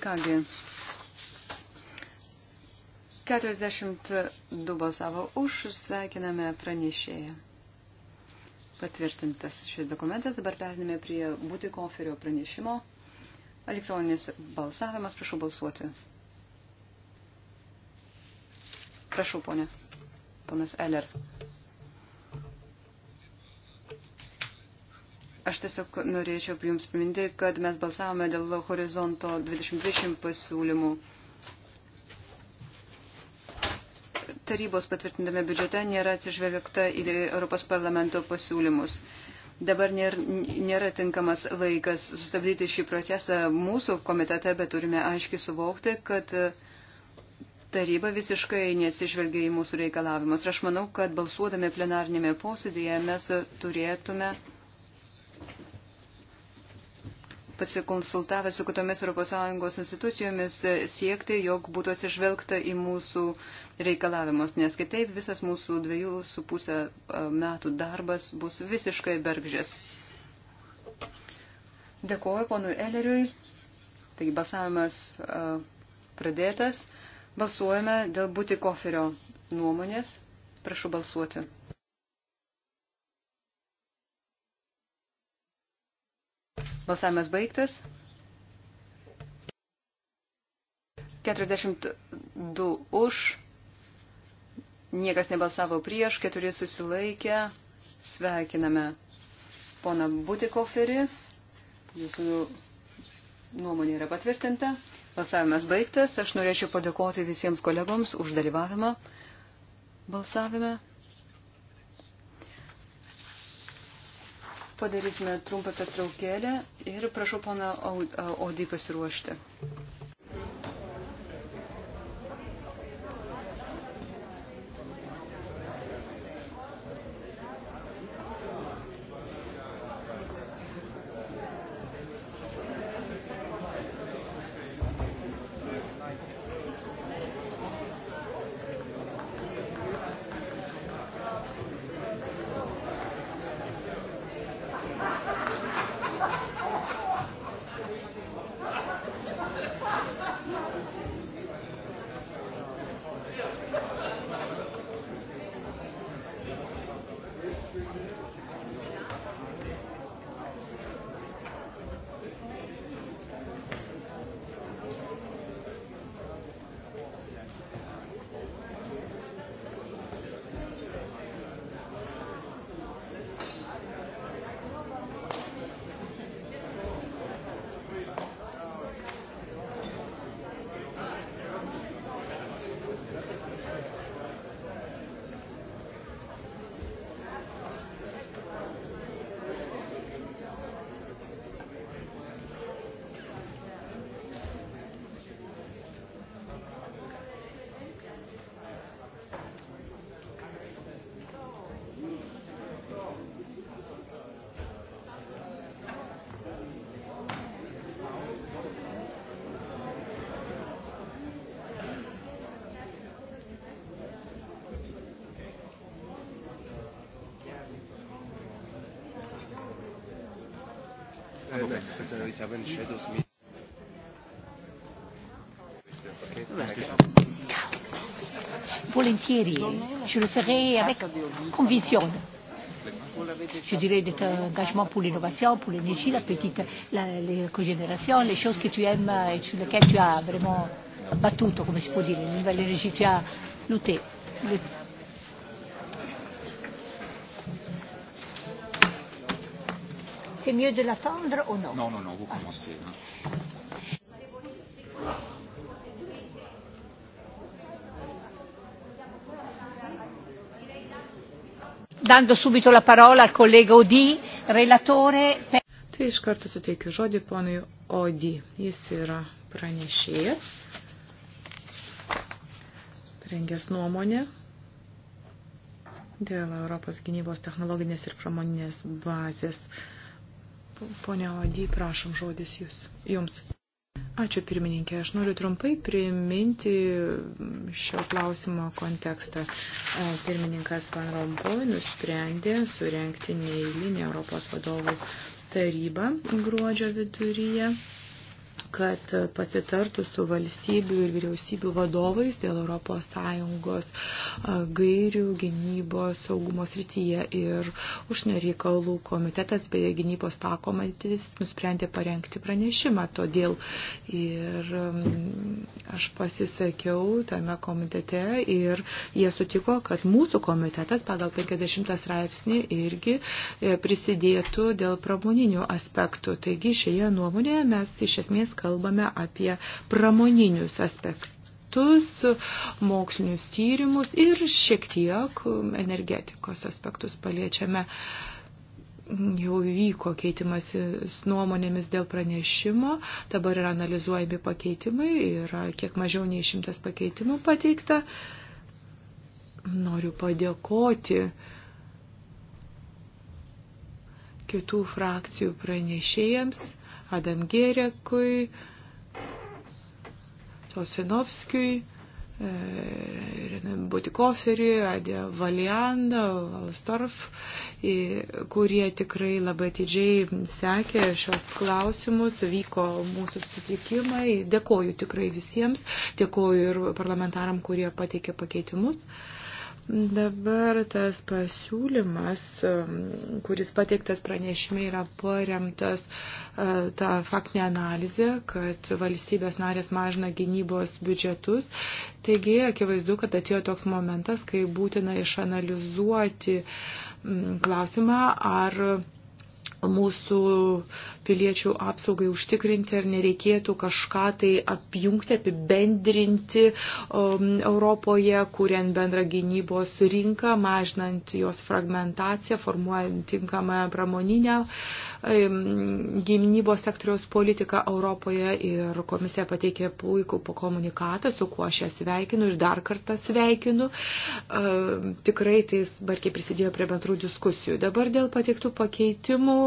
[SPEAKER 5] Kągi, 42 balsavo už, sveikiname pranešėją. Patvirtintas šis dokumentas, dabar perinime prie būti konferio pranešimo. Elektroninis balsavimas, prašau balsuoti. Prašau, ponė, ponas Elert. Aš tiesiog norėčiau Jums priminti, kad mes balsavome dėl horizonto 2020 pasiūlymų. Tarybos patvirtindami biudžete nėra atsižvelgta į Europos parlamento pasiūlymus. Dabar nėra tinkamas laikas sustabdyti šį procesą mūsų komitete, bet turime aiškiai suvokti, kad taryba visiškai nesižvelgia į mūsų reikalavimus. Aš manau, kad balsuodami plenarnėme posėdėje mes turėtume pasikonsultavę su kitomis ES institucijomis e, siekti, jog būtų atsižvelgta į mūsų reikalavimus, nes kitaip visas mūsų dviejų su pusę e, metų darbas bus visiškai bergžės. Dėkuoju ponui Eleriui. Taigi balsavimas e, pradėtas. Balsuojame dėl būti koferio nuomonės. Prašau balsuoti. Balsavimas baigtas. 42 už, niekas nebalsavo prieš, keturi susilaikė. Sveikiname poną Butikoferį. Jūsų nuomonė yra patvirtinta. Balsavimas baigtas. Aš norėčiau padėkoti visiems kolegoms už dalyvavimą balsavime. padarysime trumpą pertraukėlę ir prašau pana Odį pasiruošti.
[SPEAKER 4] it haven't shadows me.
[SPEAKER 3] Volentieri, je le ferai avec conviction. Je dirais d'être engagement pour l'innovation, pour l'énergie, la petite, la, les cogénérations, les choses que tu aimes et sur lesquelles tu as vraiment battuto, come si può dire, l'energia tu ha lutté.
[SPEAKER 4] mieux de l'attendre ou non Non, non, non, vous commencez. Ah. Hein.
[SPEAKER 1] dando subito la parola al collega
[SPEAKER 2] Odi, relatore. Per... Tai iš karto suteikiu žodį ponui Odi. Jis yra pranešėjas, rengęs nuomonę dėl Europos gynybos technologinės ir pramoninės bazės. Uh, Pone Odį, prašom žodis jūs, jums. Ačiū pirmininkė. Aš noriu trumpai priminti šio klausimo kontekstą. E, pirmininkas Van Rompuy nusprendė surenkti neįlinį Europos vadovų tarybą gruodžio viduryje kad pasitartų su valstybių ir vyriausybių vadovais dėl ES gairių gynybos saugumo srityje ir užsienio reikalų komitetas bei gynybos pakomatis nusprendė parengti pranešimą. Todėl ir aš pasisakiau tame komitete ir jie sutiko, kad mūsų komitetas pagal 50 straipsnį irgi e, prisidėtų dėl pramoninių aspektų. Taigi šioje nuomonėje mes iš esmės kalbame kalbame apie pramoninius aspektus, mokslinius tyrimus ir šiek tiek energetikos aspektus paliečiame. Jau vyko keitimas nuomonėmis dėl pranešimo, dabar yra analizuojami pakeitimai, yra kiek mažiau nei šimtas pakeitimų pateikta. Noriu padėkoti kitų frakcijų pranešėjams Adam Gerekui, Tosinovskijui, e, Butikoferiui, Adė Valianda, Valstorf, kurie tikrai labai atidžiai sekė šios klausimus, vyko mūsų sutikimai. Dėkoju tikrai visiems, dėkoju ir parlamentaram, kurie pateikė pakeitimus. Dabar tas pasiūlymas, um, kuris pateiktas pranešime, yra paremtas uh, tą faktinę analizę, kad valstybės narės mažina gynybos biudžetus. Taigi, akivaizdu, kad atėjo toks momentas, kai būtina išanalizuoti mm, klausimą, ar mūsų piliečių apsaugai užtikrinti, ar nereikėtų kažką tai apjungti, apibendrinti um, Europoje, kuriant bendrą gynybos rinką, mažinant jos fragmentaciją, formuojant tinkamą pramoninę um, gynybos sektoriaus politiką Europoje. Ir komisija pateikė puikų komunikatą, su kuo aš ją sveikinu ir dar kartą sveikinu. Um, tikrai tai smarkiai prisidėjo prie bendrų diskusijų. Dabar dėl pateiktų pakeitimų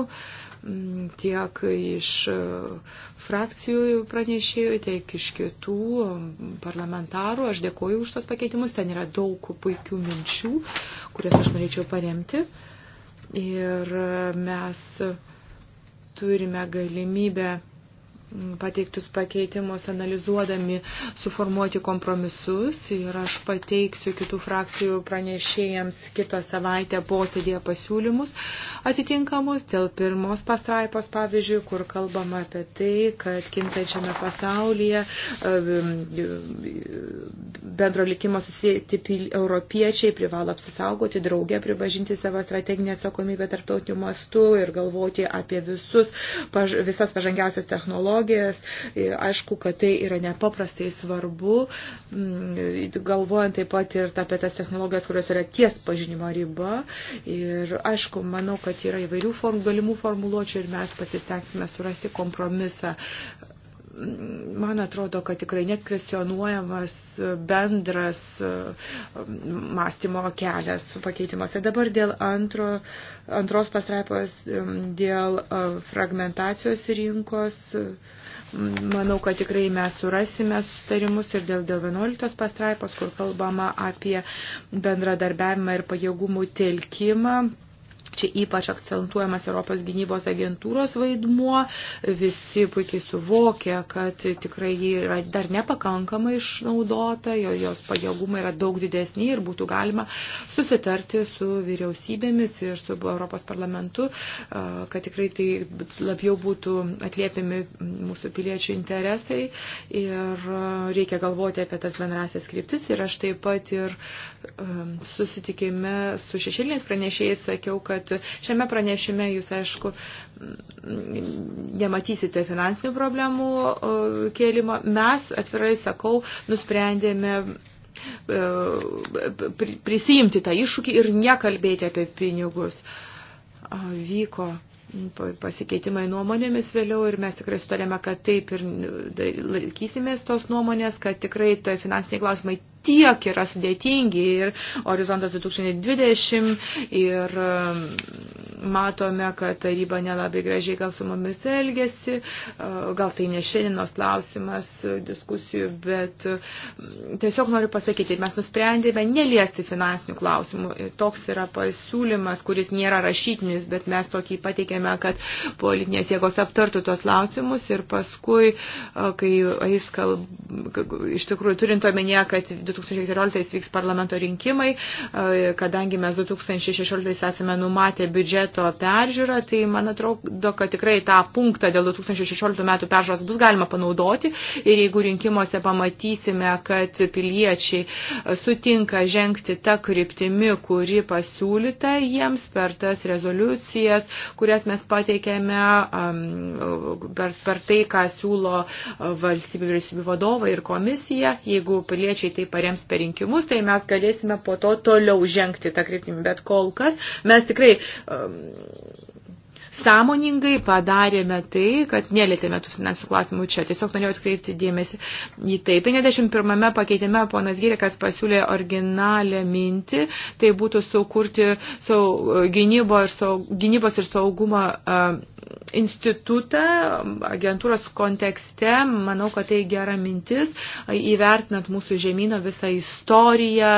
[SPEAKER 2] tiek iš e, frakcijų pranešėjų, tiek iš kitų parlamentarų. Aš dėkoju už tos pakeitimus. Ten yra daug puikių minčių, kurias aš norėčiau paremti. Ir e, mes turime galimybę pateiktus pakeitimus, analizuodami suformuoti kompromisus ir aš pateiksiu kitų frakcijų pranešėjams kitą savaitę posėdėje pasiūlymus atitinkamus dėl pirmos pastraipos, pavyzdžiui, kur kalbama apie tai, kad kintančiame pasaulyje e, bendro likimo susijęti europiečiai privalo apsisaugoti, draugė pripažinti savo strateginę atsakomybę tarptautinių mastų ir galvoti apie visus, paž, visas pažangiausias technologijas technologijas. E, aišku, kad tai yra nepaprastai svarbu, mm, galvojant taip pat ir apie tas technologijas, kurios yra ties pažinimo riba. Ir aišku, manau, kad yra įvairių form, galimų formuluočių ir mes pasistengsime surasti kompromisą man atrodo, kad tikrai net kvestionuojamas bendras e, mąstymo kelias pakeitimuose. Dabar dėl antro, antros pasraipos, e, dėl e, fragmentacijos rinkos, manau, kad tikrai mes surasime sustarimus ir dėl, dėl 11 pastraipos, kur kalbama apie bendradarbiavimą ir pajėgumų telkimą Čia ypač akcentuojamas Europos gynybos agentūros vaidmuo. Visi puikiai suvokia, kad tikrai ji yra dar nepakankamai išnaudota, jo, jos pajėgumai yra daug didesni ir būtų galima susitarti su vyriausybėmis ir su Europos parlamentu, kad tikrai tai labiau būtų atliepiami mūsų piliečių interesai ir reikia galvoti apie tas bendrasias kryptis. Ir aš taip pat ir susitikime su šešėliniais pranešėjais sakiau, kad kad šiame pranešime jūs, aišku, nematysite finansinių problemų kėlimo. Mes, atvirai sakau, nusprendėme e, prisijimti tą iššūkį ir nekalbėti apie pinigus. Vyko pasikeitimai nuomonėmis vėliau ir mes tikrai sutarėme, kad taip ir laikysimės tos nuomonės, kad tikrai tai finansiniai klausimai tiek yra sudėtingi ir horizontas 2020 ir um, matome, kad taryba nelabai gražiai gal su mumis elgesi, uh, gal tai ne šiandienos klausimas diskusijų, bet um, tiesiog noriu pasakyti, mes nusprendėme neliesti finansinių klausimų. Toks yra pasiūlymas, kuris nėra rašytinis, bet mes tokį pateikėme, kad politinės jėgos aptartų tos klausimus ir paskui, uh, kai eis kalb, iš tikrųjų turint omenyje, kad 2014 vyks parlamento rinkimai, e, kadangi mes 2016 esame numatę biudžeto peržiūrą, tai man atrodo, kad tikrai tą punktą dėl 2016 metų peržiūros bus galima panaudoti ir jeigu rinkimuose pamatysime, kad piliečiai e, sutinka žengti tą kryptimi, kuri pasiūlyta jiems per tas rezoliucijas, kurias mes pateikėme per, per tai, ką siūlo e, valstybių vyriausybių vadovai ir komisija. Jeigu piliečiai taip parems per rinkimus, tai mes galėsime po to toliau žengti tą kryptimį. Bet kol kas mes tikrai um, sąmoningai padarėme tai, kad nelėtėme tų finansų klausimų čia. Tiesiog norėjau atkreipti dėmesį į tai. 51 pakeitime ponas Girikas pasiūlė originalią mintį, tai būtų sukurti sau, gynybo ir sau, gynybos ir saugumo uh, institutą agentūros kontekste, manau, kad tai gera mintis, įvertinant mūsų žemyną visą istoriją,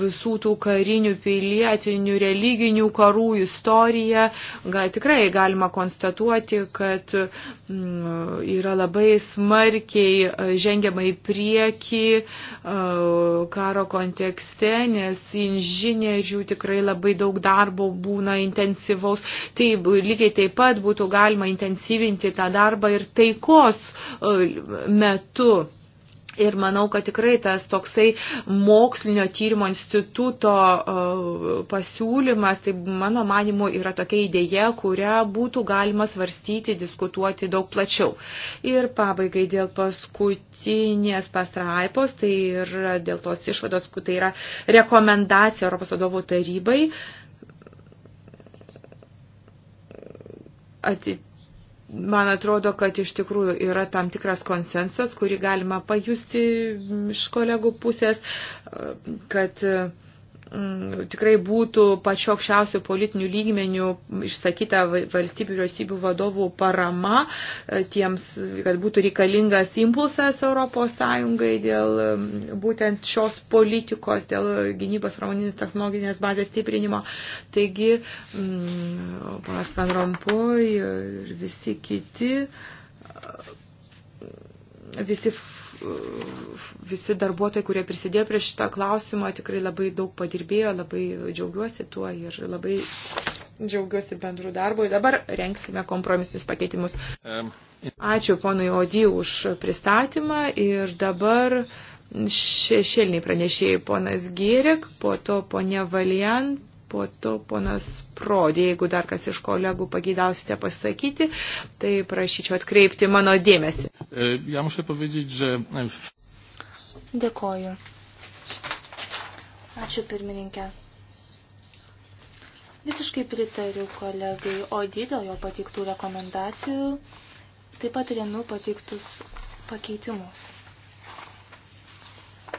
[SPEAKER 2] visų tų karinių, pilietinių, religinių karų istoriją. Gal tikrai galima konstatuoti, kad mm, yra labai smarkiai žengiama į priekį karo kontekste, nes inžinierių tikrai labai daug darbo būna intensyvaus. Taip, lygiai taip taip pat būtų galima intensyvinti tą darbą ir taikos e, metu. Ir manau, kad tikrai tas toksai mokslinio tyrimo instituto e, pasiūlymas, tai mano manimu yra tokia idėja, kurią būtų galima svarstyti, diskutuoti daug plačiau. Ir pabaigai dėl paskutinės pastraipos, tai ir dėl tos išvados, tai yra rekomendacija Europos vadovų tarybai. Uh, atsitikti man atrodo, kad iš tikrųjų yra tam tikras konsensus, kurį galima pajusti iš kolegų pusės, kad uh, Mm, tikrai būtų pačiu aukščiausių politinių lygmenių išsakyta valstybių vyriausybių vadovų parama e, tiems, kad būtų reikalingas impulsas Europos Sąjungai dėl mm, būtent šios politikos, dėl gynybos pramoninės technologinės bazės stiprinimo. Taigi, mm, panas Van Rompuy ir visi kiti, e, visi visi darbuotojai, kurie prisidėjo prie šito klausimo, tikrai labai daug padirbėjo, labai džiaugiuosi tuo ir labai džiaugiuosi bendrų darbo. Ir dabar renksime kompromisinius pakeitimus. Ačiū ponui Odį už pristatymą ir dabar šešėliniai pranešėjai ponas Gėrik, po to ponia Valian, po to ponas Prodė, jeigu dar kas iš kolegų pagydausite pasakyti, tai prašyčiau atkreipti mano dėmesį.
[SPEAKER 3] E, ja muszę powiedzieć, że... E, Dėkoju. Ačiū pirmininkė. Visiškai pritariu kolegai Odi dėl jo pateiktų rekomendacijų, taip pat remiu pateiktus pakeitimus.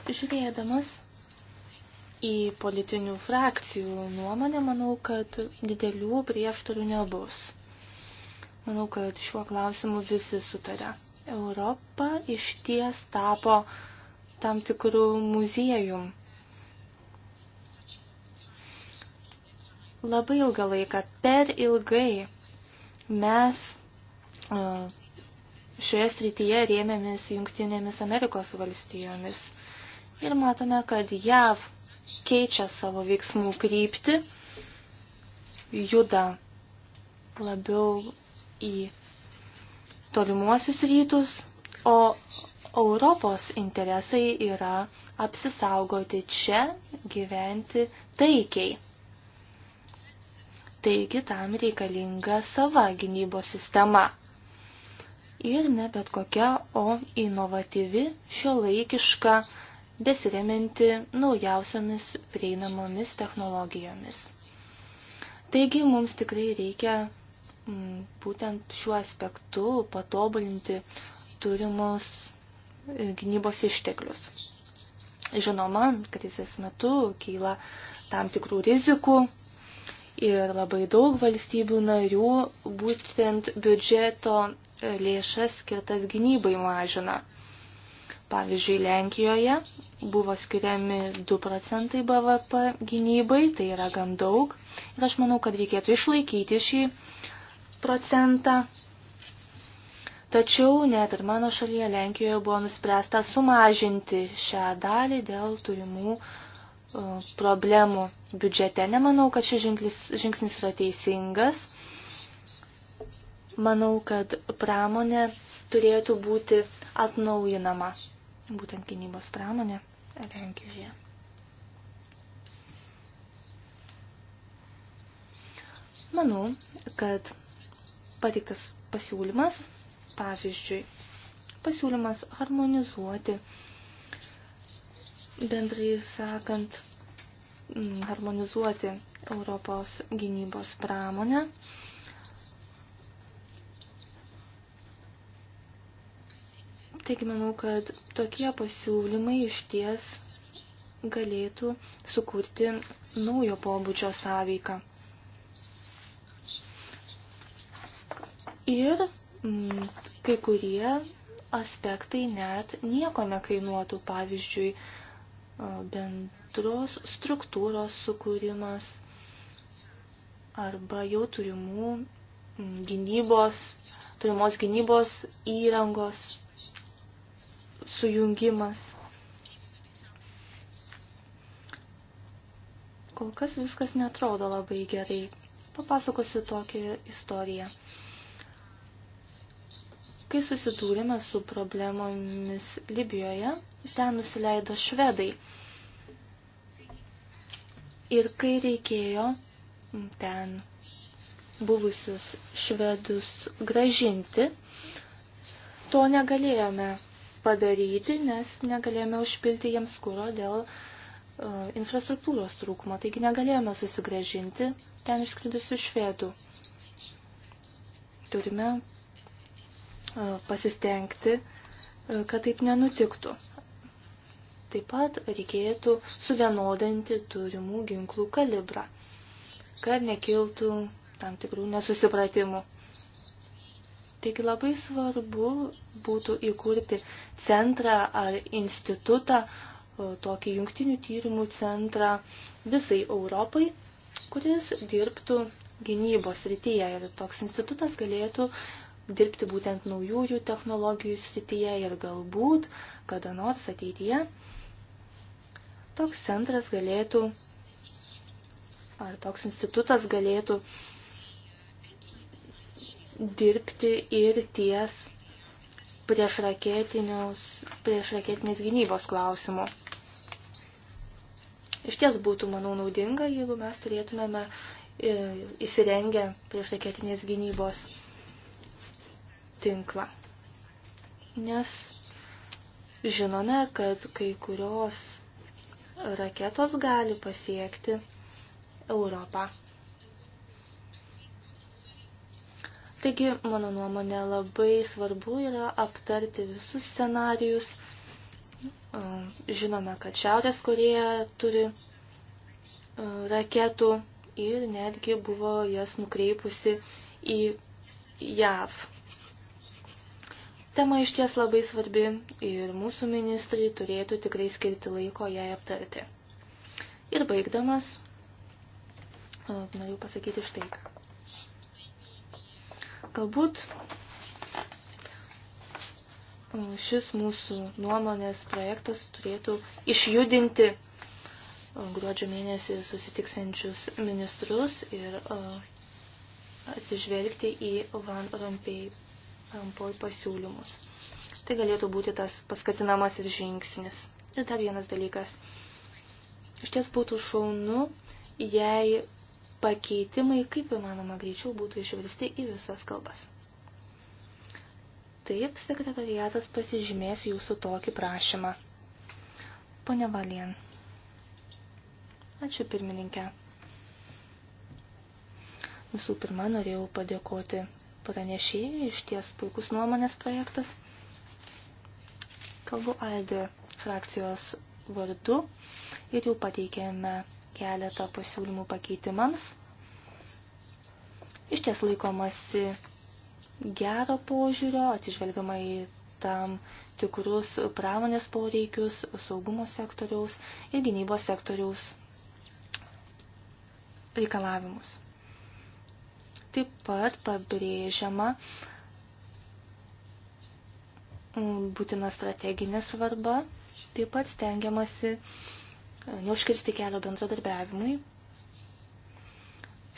[SPEAKER 3] Žiūrėdamas į politinių frakcijų nuomonę, manau, kad didelių prieštarų nebus. Manau, kad šiuo klausimu visi sutarė. Europa iš ties tapo tam tikrų muziejum. Labai ilgą laiką, per ilgai mes šioje srityje rėmėmės Jungtinėmis Amerikos valstijomis. Ir matome, kad JAV keičia savo veiksmų kryptį, juda labiau į tolimuosius rytus, o Europos interesai yra apsisaugoti čia, gyventi taikiai. Taigi tam reikalinga sava gynybos sistema. Ir ne bet kokia, o inovatyvi šio laikiška besireminti naujausiomis prieinamomis technologijomis. Taigi mums tikrai reikia m, mm, būtent šiuo aspektu patobulinti turimus e, gynybos išteklius. Žinoma, kad jis metu kyla tam tikrų rizikų ir labai daug valstybių narių būtent biudžeto lėšas skirtas gynybai mažina. Pavyzdžiui, Lenkijoje buvo skiriami 2 procentai BVP gynybai, tai yra gan daug. Ir aš manau, kad reikėtų išlaikyti šį procentą. Tačiau net ir mano šalyje Lenkijoje buvo nuspręsta sumažinti šią dalį dėl turimų e, problemų biudžete. Nemanau, kad šis žingsnis, žingsnis yra teisingas. Manau, kad pramonė turėtų būti atnaujinama būtent gynybos pramonė Lenkijoje. Manau, kad patiktas pasiūlymas, pavyzdžiui, pasiūlymas harmonizuoti, bendrai sakant, harmonizuoti Europos gynybos pramonę, Taigi manau, kad tokie pasiūlymai iš ties galėtų sukurti naujo pobūdžio sąveiką. Ir m, mm, kai kurie aspektai net nieko nekainuotų, pavyzdžiui, bendros struktūros sukūrimas arba jau turimų mm, gynybos, turimos gynybos įrangos sujungimas. Kol kas viskas netrodo labai gerai. Papasakosiu tokią istoriją. Kai susidūrėme su problemomis Libijoje, ten nusileido švedai. Ir kai reikėjo ten buvusius švedus gražinti, to negalėjome padaryti, nes negalėjome užpilti jiems kūro dėl e, infrastruktūros trūkumo, taigi negalėjome susigražinti ten išskridusių švedų. Turime e, pasistengti, e, kad taip nenutiktų. Taip pat reikėtų suvienodinti turimų ginklų kalibrą, kad nekiltų tam tikrų nesusipratimų. Taigi labai svarbu būtų įkurti centrą ar institutą, tokį jungtinių tyrimų centrą visai Europai, kuris dirbtų gynybos srityje ir toks institutas galėtų dirbti būtent naujųjų technologijų srityje ir galbūt kada nors ateityje toks centras galėtų ar toks institutas galėtų uh, dirbti ir ties priešraketinės gynybos klausimu. Iš ties būtų, manau, naudinga, jeigu mes turėtumėme e, įsirengę priešraketinės gynybos tinklą. Nes žinome, kad kai kurios raketos gali pasiekti Europą. Taigi, mano nuomonė, labai svarbu yra aptarti visus scenarius. Žinome, kad Šiaurės Koreja turi raketų ir netgi buvo jas nukreipusi į JAV. Tema iš ties labai svarbi ir mūsų ministrai turėtų tikrai skirti laiko jai aptarti. Ir baigdamas, noriu pasakyti štai ką. Galbūt e, šis mūsų nuomonės projektas turėtų išjudinti e, gruodžio mėnesį susitiksiančius ministrus ir e, atsižvelgti į Van Rompėj, Rompoj pasiūlymus. Tai galėtų būti tas paskatinamasis žingsnis. Ir dar vienas dalykas. Iš ties būtų šaunu, jei pakeitimai kaip įmanoma greičiau būtų išversti į visas kalbas. Taip, sekretariatas pasižymės jūsų tokį prašymą. Pone Valien. Ačiū pirmininkė. Visų pirma, norėjau padėkoti pranešėjai, iš ties puikus nuomonės projektas. Kalbu Aidė frakcijos vardu ir jau pateikėme keletą pasiūlymų pakeitimams. Iš ties laikomasi gero požiūrio, atsižvelgiama į tam tikrus pramonės poreikius, saugumo sektoriaus ir gynybos sektoriaus reikalavimus. Taip pat pabrėžiama būtina strateginė svarba, taip pat stengiamasi uh, neužkirsti kelio bendradarbiavimui,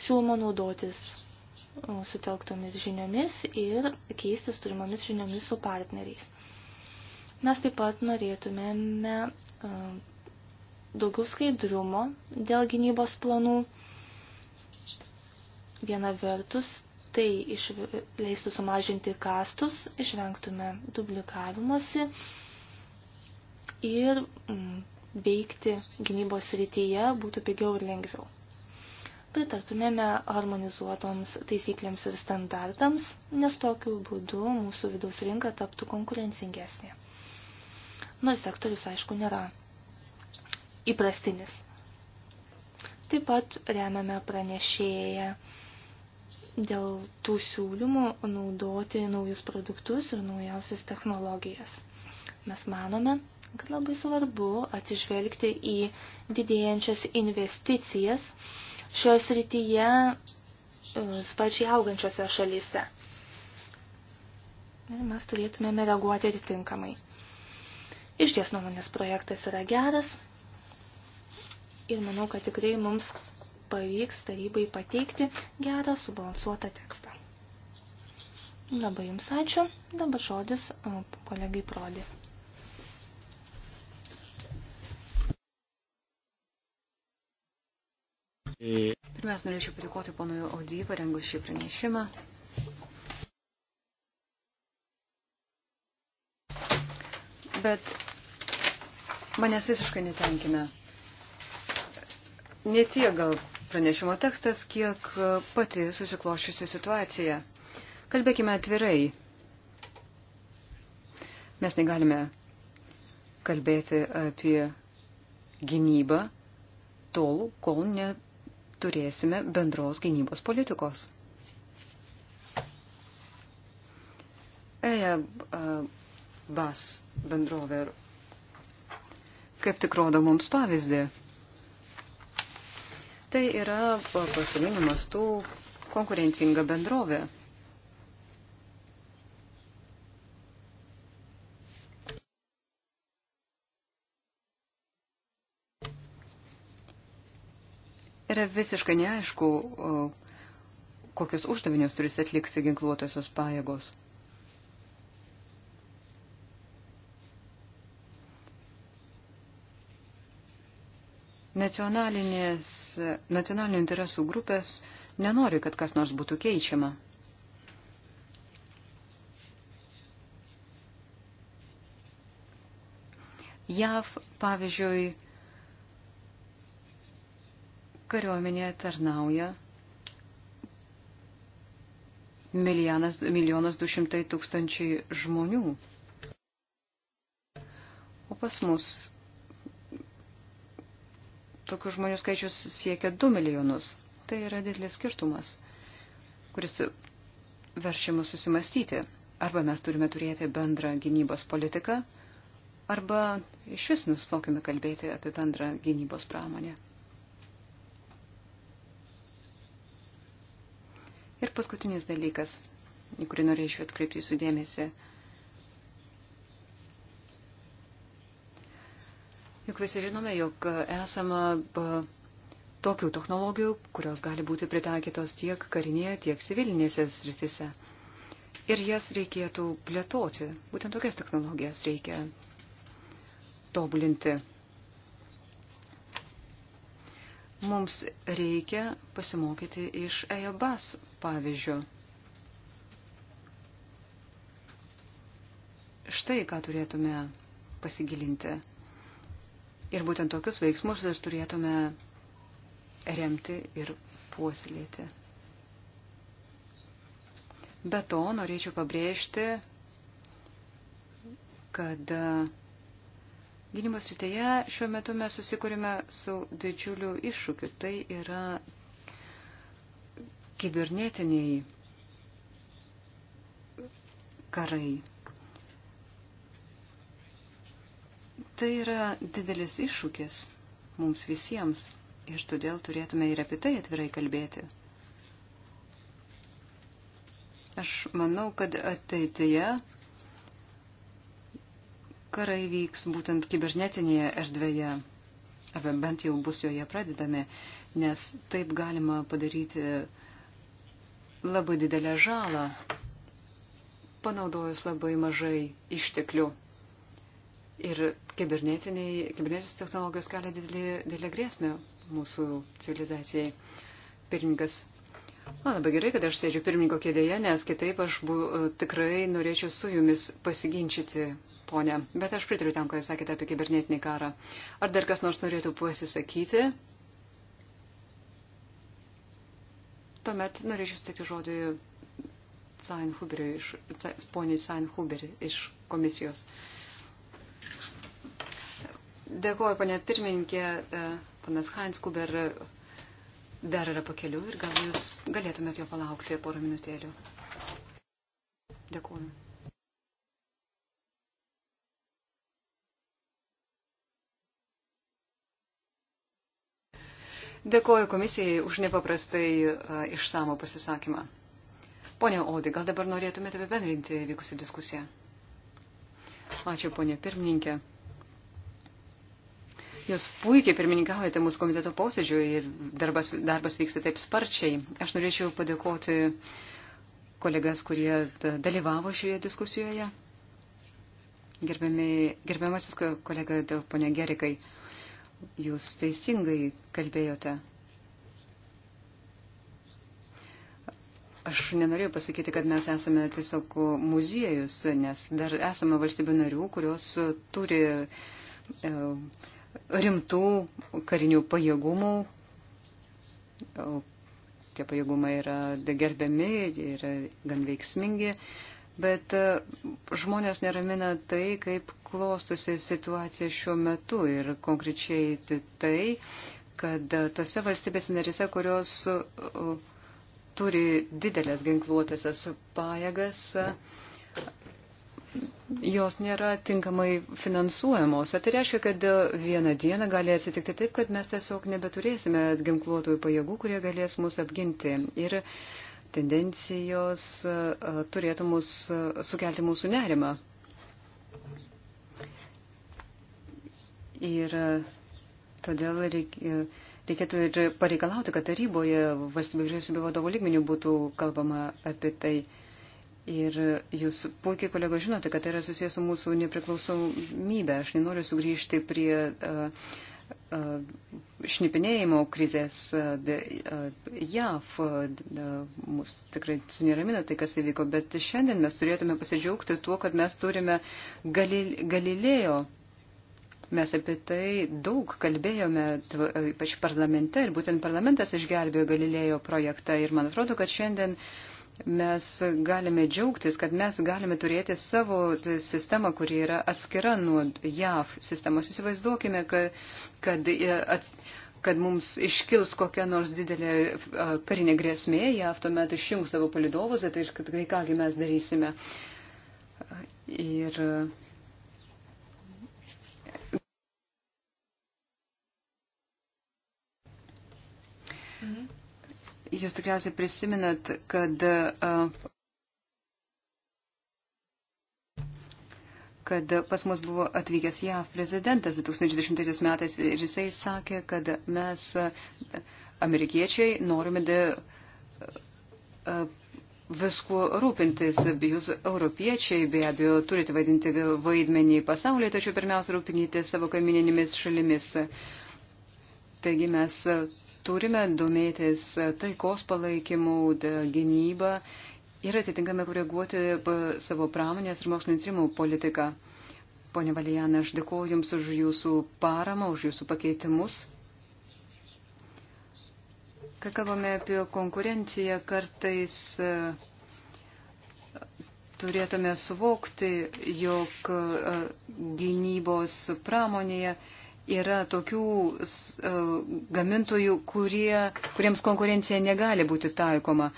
[SPEAKER 3] siūloma naudotis uh, sutelktomis žiniomis ir keistis turimomis žiniomis su partneriais. Mes taip pat norėtumėme uh, daugiau skaidrumo dėl gynybos planų. Viena vertus, tai iš, leistų sumažinti kastus, išvengtume duplikavimuose ir mm, veikti gynybos srityje būtų pigiau ir lengviau. Pritartumėme harmonizuotoms taisyklėms ir standartams, nes tokiu būdu mūsų vidaus rinka taptų konkurencingesnė. Nors sektorius, aišku, nėra įprastinis. Taip pat remiame pranešėją dėl tų siūlymų naudoti naujus produktus ir naujausias technologijas. Mes manome, kad labai svarbu atsižvelgti į didėjančias investicijas šios rytyje e, sparčiai augančiose šalyse. Ir mes turėtumėme reaguoti atitinkamai. Iš ties nuomonės projektas yra geras ir manau, kad tikrai mums pavyks tarybai pateikti gerą subalansuotą tekstą. Labai jums ačiū. Dabar žodis kolegai Prodi.
[SPEAKER 4] Pirmiausia,
[SPEAKER 5] norėčiau padėkoti ponui Audy, parengus šį pranešimą. Bet manęs visiškai netenkina. Ne tiek gal pranešimo tekstas, kiek pati susikloščiusi situacija. Kalbėkime atvirai. Mes negalime kalbėti apie gynybą tol, kol net turėsime bendros gynybos politikos. Eja Bas bendrovė kaip tik rodo mums pavyzdį. Tai yra pasaulinių mastų konkurencinga bendrovė. yra visiškai neaišku, kokius uždavinius turės atlikti ginkluotosios pajėgos. Nacionalinių interesų grupės nenori, kad kas nors būtų keičiama. JAV, pavyzdžiui, kariuomenėje tarnauja milijonas, milijonas du šimtai tūkstančiai žmonių. O pas mus tokių žmonių skaičius siekia 2 milijonus. Tai yra didelis skirtumas, kuris verčia mus susimastyti. Arba mes turime turėti bendrą gynybos politiką, arba iš vis nustokime kalbėti apie bendrą gynybos pramonę. Ir paskutinis dalykas, į kurį norėčiau atkreipti jūsų dėmesį. Juk visi žinome, jog esama tokių technologijų, kurios gali būti pritaikytos tiek karinėje, tiek civilinėse sritise. Ir jas reikėtų plėtoti. Būtent tokias technologijas reikia tobulinti. Mums reikia pasimokyti iš EOBAS pavyzdžių. Štai ką turėtume pasigilinti. Ir būtent tokius veiksmus dar turėtume remti ir puoselėti. Be to, norėčiau pabrėžti, kad e, gynybos rytėje šiuo metu mes susikūrime su didžiuliu iššūkiu. Tai yra kibernetiniai karai. Tai yra didelis iššūkis mums visiems ir todėl turėtume ir apie tai atvirai kalbėti. Aš manau, kad ateityje karai vyks būtent kibernetinėje erdvėje, arba bent jau bus joje pradedami, nes taip galima padaryti uh, labai didelę žalą, panaudojus labai mažai išteklių. Ir kibernetinės technologijos kelia didelį, didelį grėsmę mūsų civilizacijai. Pirmininkas. Man labai gerai, kad aš sėdžiu pirmininko kėdėje, nes kitaip aš bu, tikrai norėčiau su jumis pasiginčyti, ponė. Bet aš pritariu tam, ką jūs sakėte apie kibernetinį karą. Ar dar kas nors norėtų pasisakyti? Tuomet norėčiau stėti žodį iš, poniai Sainhuber iš komisijos. Dėkuoju, ponė pirmininkė, e, panas Heinzkuber e, dar yra pakeliu ir gal jūs galėtumėt jo palaukti porą
[SPEAKER 4] minutėlių. Dėkuoju.
[SPEAKER 5] Dėkoju komisijai už nepaprastai išsamų pasisakymą. Pone Odi, gal dabar norėtumėte apibendrinti vykusią diskusiją? Ačiū, ponė pirmininkė. Jūs puikiai pirmininkaujate mūsų komiteto posėdžiui ir darbas, darbas vyksta taip sparčiai. Aš norėčiau padėkoti kolegas, kurie dalyvavo šioje diskusijoje. Gerbiami, gerbiamasis kolega ponė Gerikai. Jūs teisingai kalbėjote. Aš nenorėjau pasakyti, kad mes esame tiesiog muziejus, nes dar esame valstybių narių, kurios turi e, rimtų karinių pajėgumų. Tie pajėgumai yra gerbiami, yra gan veiksmingi bet e, žmonės neramina tai, kaip klostosi situacija šiuo metu ir konkrečiai tai, kad e, tose valstybės narise, kurios e, turi didelės ginkluotėsias pajėgas, jos nėra tinkamai finansuojamos. Tai reiškia, kad vieną dieną gali atsitikti taip, kad mes tiesiog nebeturėsime ginkluotojų pajėgų, kurie galės mus apginti. Ir uh, tendencijos turėtų mus, sukelti mūsų nerimą. Ir todėl reikėtų ir pareikalauti, kad taryboje valstybių vyriausybių vadovų lygmenių būtų kalbama apie tai. Ir jūs puikiai, kolego, žinote, kad tai yra susijęs su mūsų nepriklausomybė. Aš nenoriu sugrįžti prie uh, E, šnipinėjimo krizės e, e, JAF mus tikrai suneramina tai, kas įvyko, bet šiandien mes turėtume pasidžiaugti tuo, kad mes turime galil, Galilėjo. Mes apie tai daug kalbėjome, ypač parlamente, ir būtent parlamentas išgelbėjo Galilėjo projektą. Ir man atrodo, kad šiandien uh, mes galime džiaugtis, kad mes galime turėti savo sistemą, kuri yra atskira nuo JAV sistemos. Įsivaizduokime, kad, kad, e, kad mums iškils kokia nors didelė karinė grėsmė, JAV tuomet išjungs savo palidovus, tai kągi mes darysime. Ir uh, Jūs tikriausiai prisiminat, kad, kad pas mus buvo atvykęs JAV prezidentas 2010 metais ir jisai sakė, kad mes, amerikiečiai, norime de, viskuo rūpintis. Jūs, europiečiai, be abejo, turite vaidinti vaidmenį pasaulyje, tačiau pirmiausia rūpinyti savo kamininėmis šalimis. Taigi mes turime domėtis taikos palaikymų, gynybą ir atitinkame koreguoti savo pramonės ir mokslinio tyrimų politiką. Pone Valijana, aš dėkuoju Jums už Jūsų paramą, už Jūsų pakeitimus. Kai kalbame apie konkurenciją, kartais e, turėtume suvokti, jog e, gynybos pramonėje yra tokių e, gamintojų, kurie, kuriems konkurencija negali būti taikoma.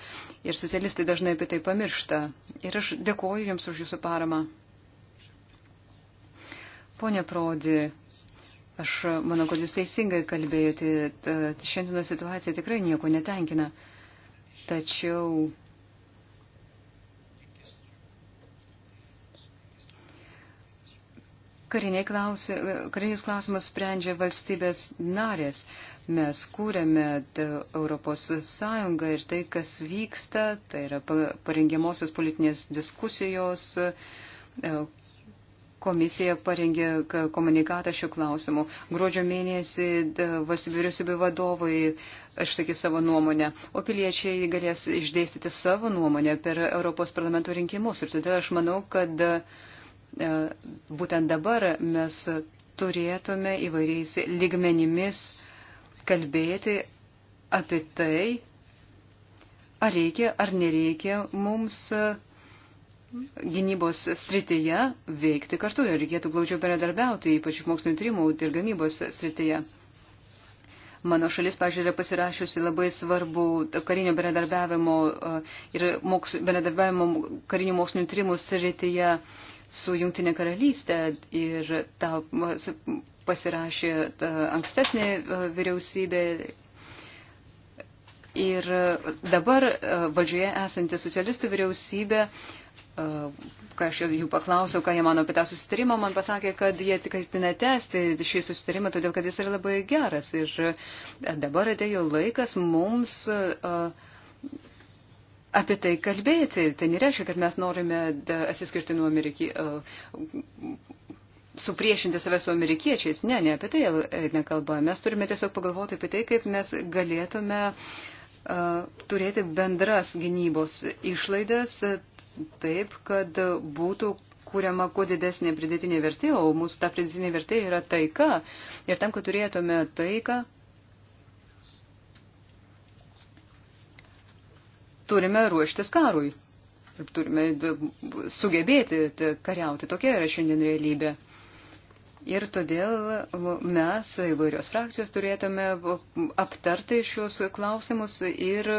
[SPEAKER 5] Ir socialistai dažnai apie tai pamiršta. Ir aš dėkoju Jums už Jūsų paramą. Pone Prodi, aš manau, kad Jūs teisingai kalbėjote. Šiandieno situacija tikrai nieko netenkina. Tačiau kariniai klausi, karinius klausimus sprendžia valstybės narės. Mes kūrėme Europos Sąjungą ir tai, kas vyksta, tai yra parengiamosios politinės diskusijos. E, komisija parengė komunikatą šiuo klausimu. Gruodžio mėnesį valstybių vyriausybių vadovai išsakys savo nuomonę, o piliečiai galės išdėstyti savo nuomonę per Europos parlamento rinkimus. Ir todėl aš manau, kad uh, E, būtent dabar mes turėtume įvairiais lygmenimis kalbėti apie tai, ar reikia ar nereikia mums e, gynybos srityje veikti kartu ir reikėtų glaudžiau bendradarbiauti, ypač mokslinio tyrimų ir gamybos srityje. Mano šalis, pažiūrėjau, yra pasirašiusi labai svarbu karinio bendradarbiavimo e, ir moks, bendradarbiavimo karinių mokslinių tyrimų srityje uh, su Junktinė karalystė ir tą pasirašė ta ankstesnė vyriausybė. Ir dabar valdžioje esanti socialistų vyriausybė, kai aš jų paklausiau, ką jie mano apie tą susitarimą, man pasakė, kad jie tik ketina tęsti šį susitarimą, todėl kad jis yra labai geras. Ir dabar atėjo laikas mums. Uh, apie tai kalbėti. Tai nereiškia, kad mes norime atsiskirti nuo amerikiečių supriešinti save su amerikiečiais. Ne, ne apie tai eina kalba. Mes turime tiesiog pagalvoti apie tai, kaip mes galėtume uh, turėti bendras gynybos išlaidas taip, kad būtų kuriama kuo didesnė pridėtinė vertė, o mūsų ta pridėtinė vertė yra taika. Ir tam, kad turėtume taiką, turime ruoštis karui. Ir turime sugebėti kariauti. Tokia yra šiandien realybė. Ir todėl mes, įvairios frakcijos, turėtume aptarti šios klausimus ir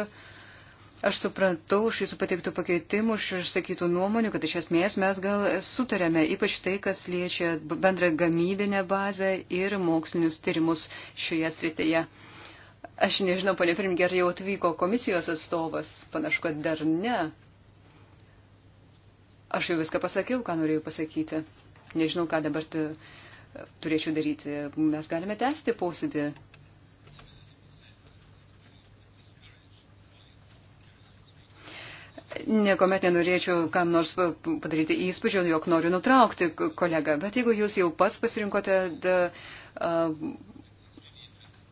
[SPEAKER 5] aš supratau iš jūsų pateiktų pakeitimų, iš išsakytų nuomonių, kad iš esmės mes gal sutarėme ypač tai, kas liečia bendrą gamybinę bazę ir mokslinius tyrimus šioje srityje. Aš nežinau, ponė Primger, jau atvyko komisijos atstovas, panašu, kad dar ne. Aš jau viską pasakiau, ką norėjau pasakyti. Nežinau, ką dabar turėčiau daryti. Mes galime tęsti posėdį. Niekuomet nenorėčiau kam nors padaryti įspūdžio, jog noriu nutraukti kolegą, bet jeigu jūs jau pats pasirinkote da, uh,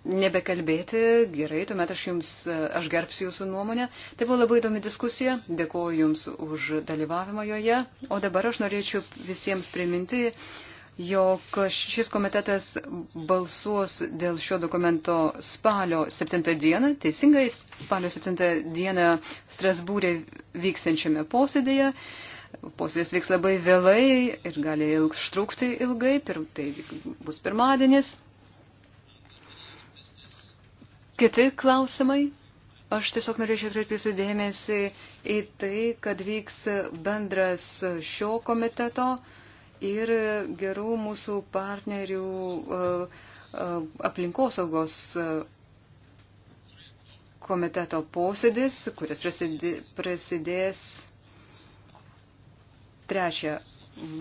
[SPEAKER 5] nebekalbėti, gerai, tuomet aš jums, aš gerbsiu jūsų nuomonę. Tai buvo labai įdomi diskusija, dėkuoju jums už dalyvavimą joje. O dabar aš norėčiau visiems priminti, jog šis komitetas balsuos dėl šio dokumento spalio 7 dieną, teisingai spalio 7 dieną Strasbūrė vyksiančiame posėdėje. Posėdis vyks labai vėlai ir gali ilgs trukti ilgai, tai bus pirmadienis, Kiti klausimai? Aš tiesiog norėčiau atkreipti jūsų dėmesį į tai, kad vyks bendras šio komiteto ir gerų mūsų partnerių e, e, aplinkosaugos e, komiteto posėdis, kuris prasidės trečią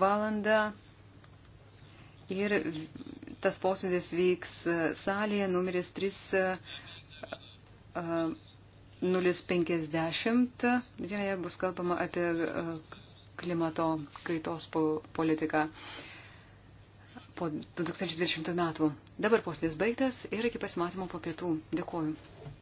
[SPEAKER 5] valandą ir Tas posėdis vyks e, salėje numeris 3050. E, e, Joje bus kalbama apie klimato kaitos politiką po 2020 metų. Dabar posėdis baigtas ir iki pasimatymo po pietų. Dėkuoju.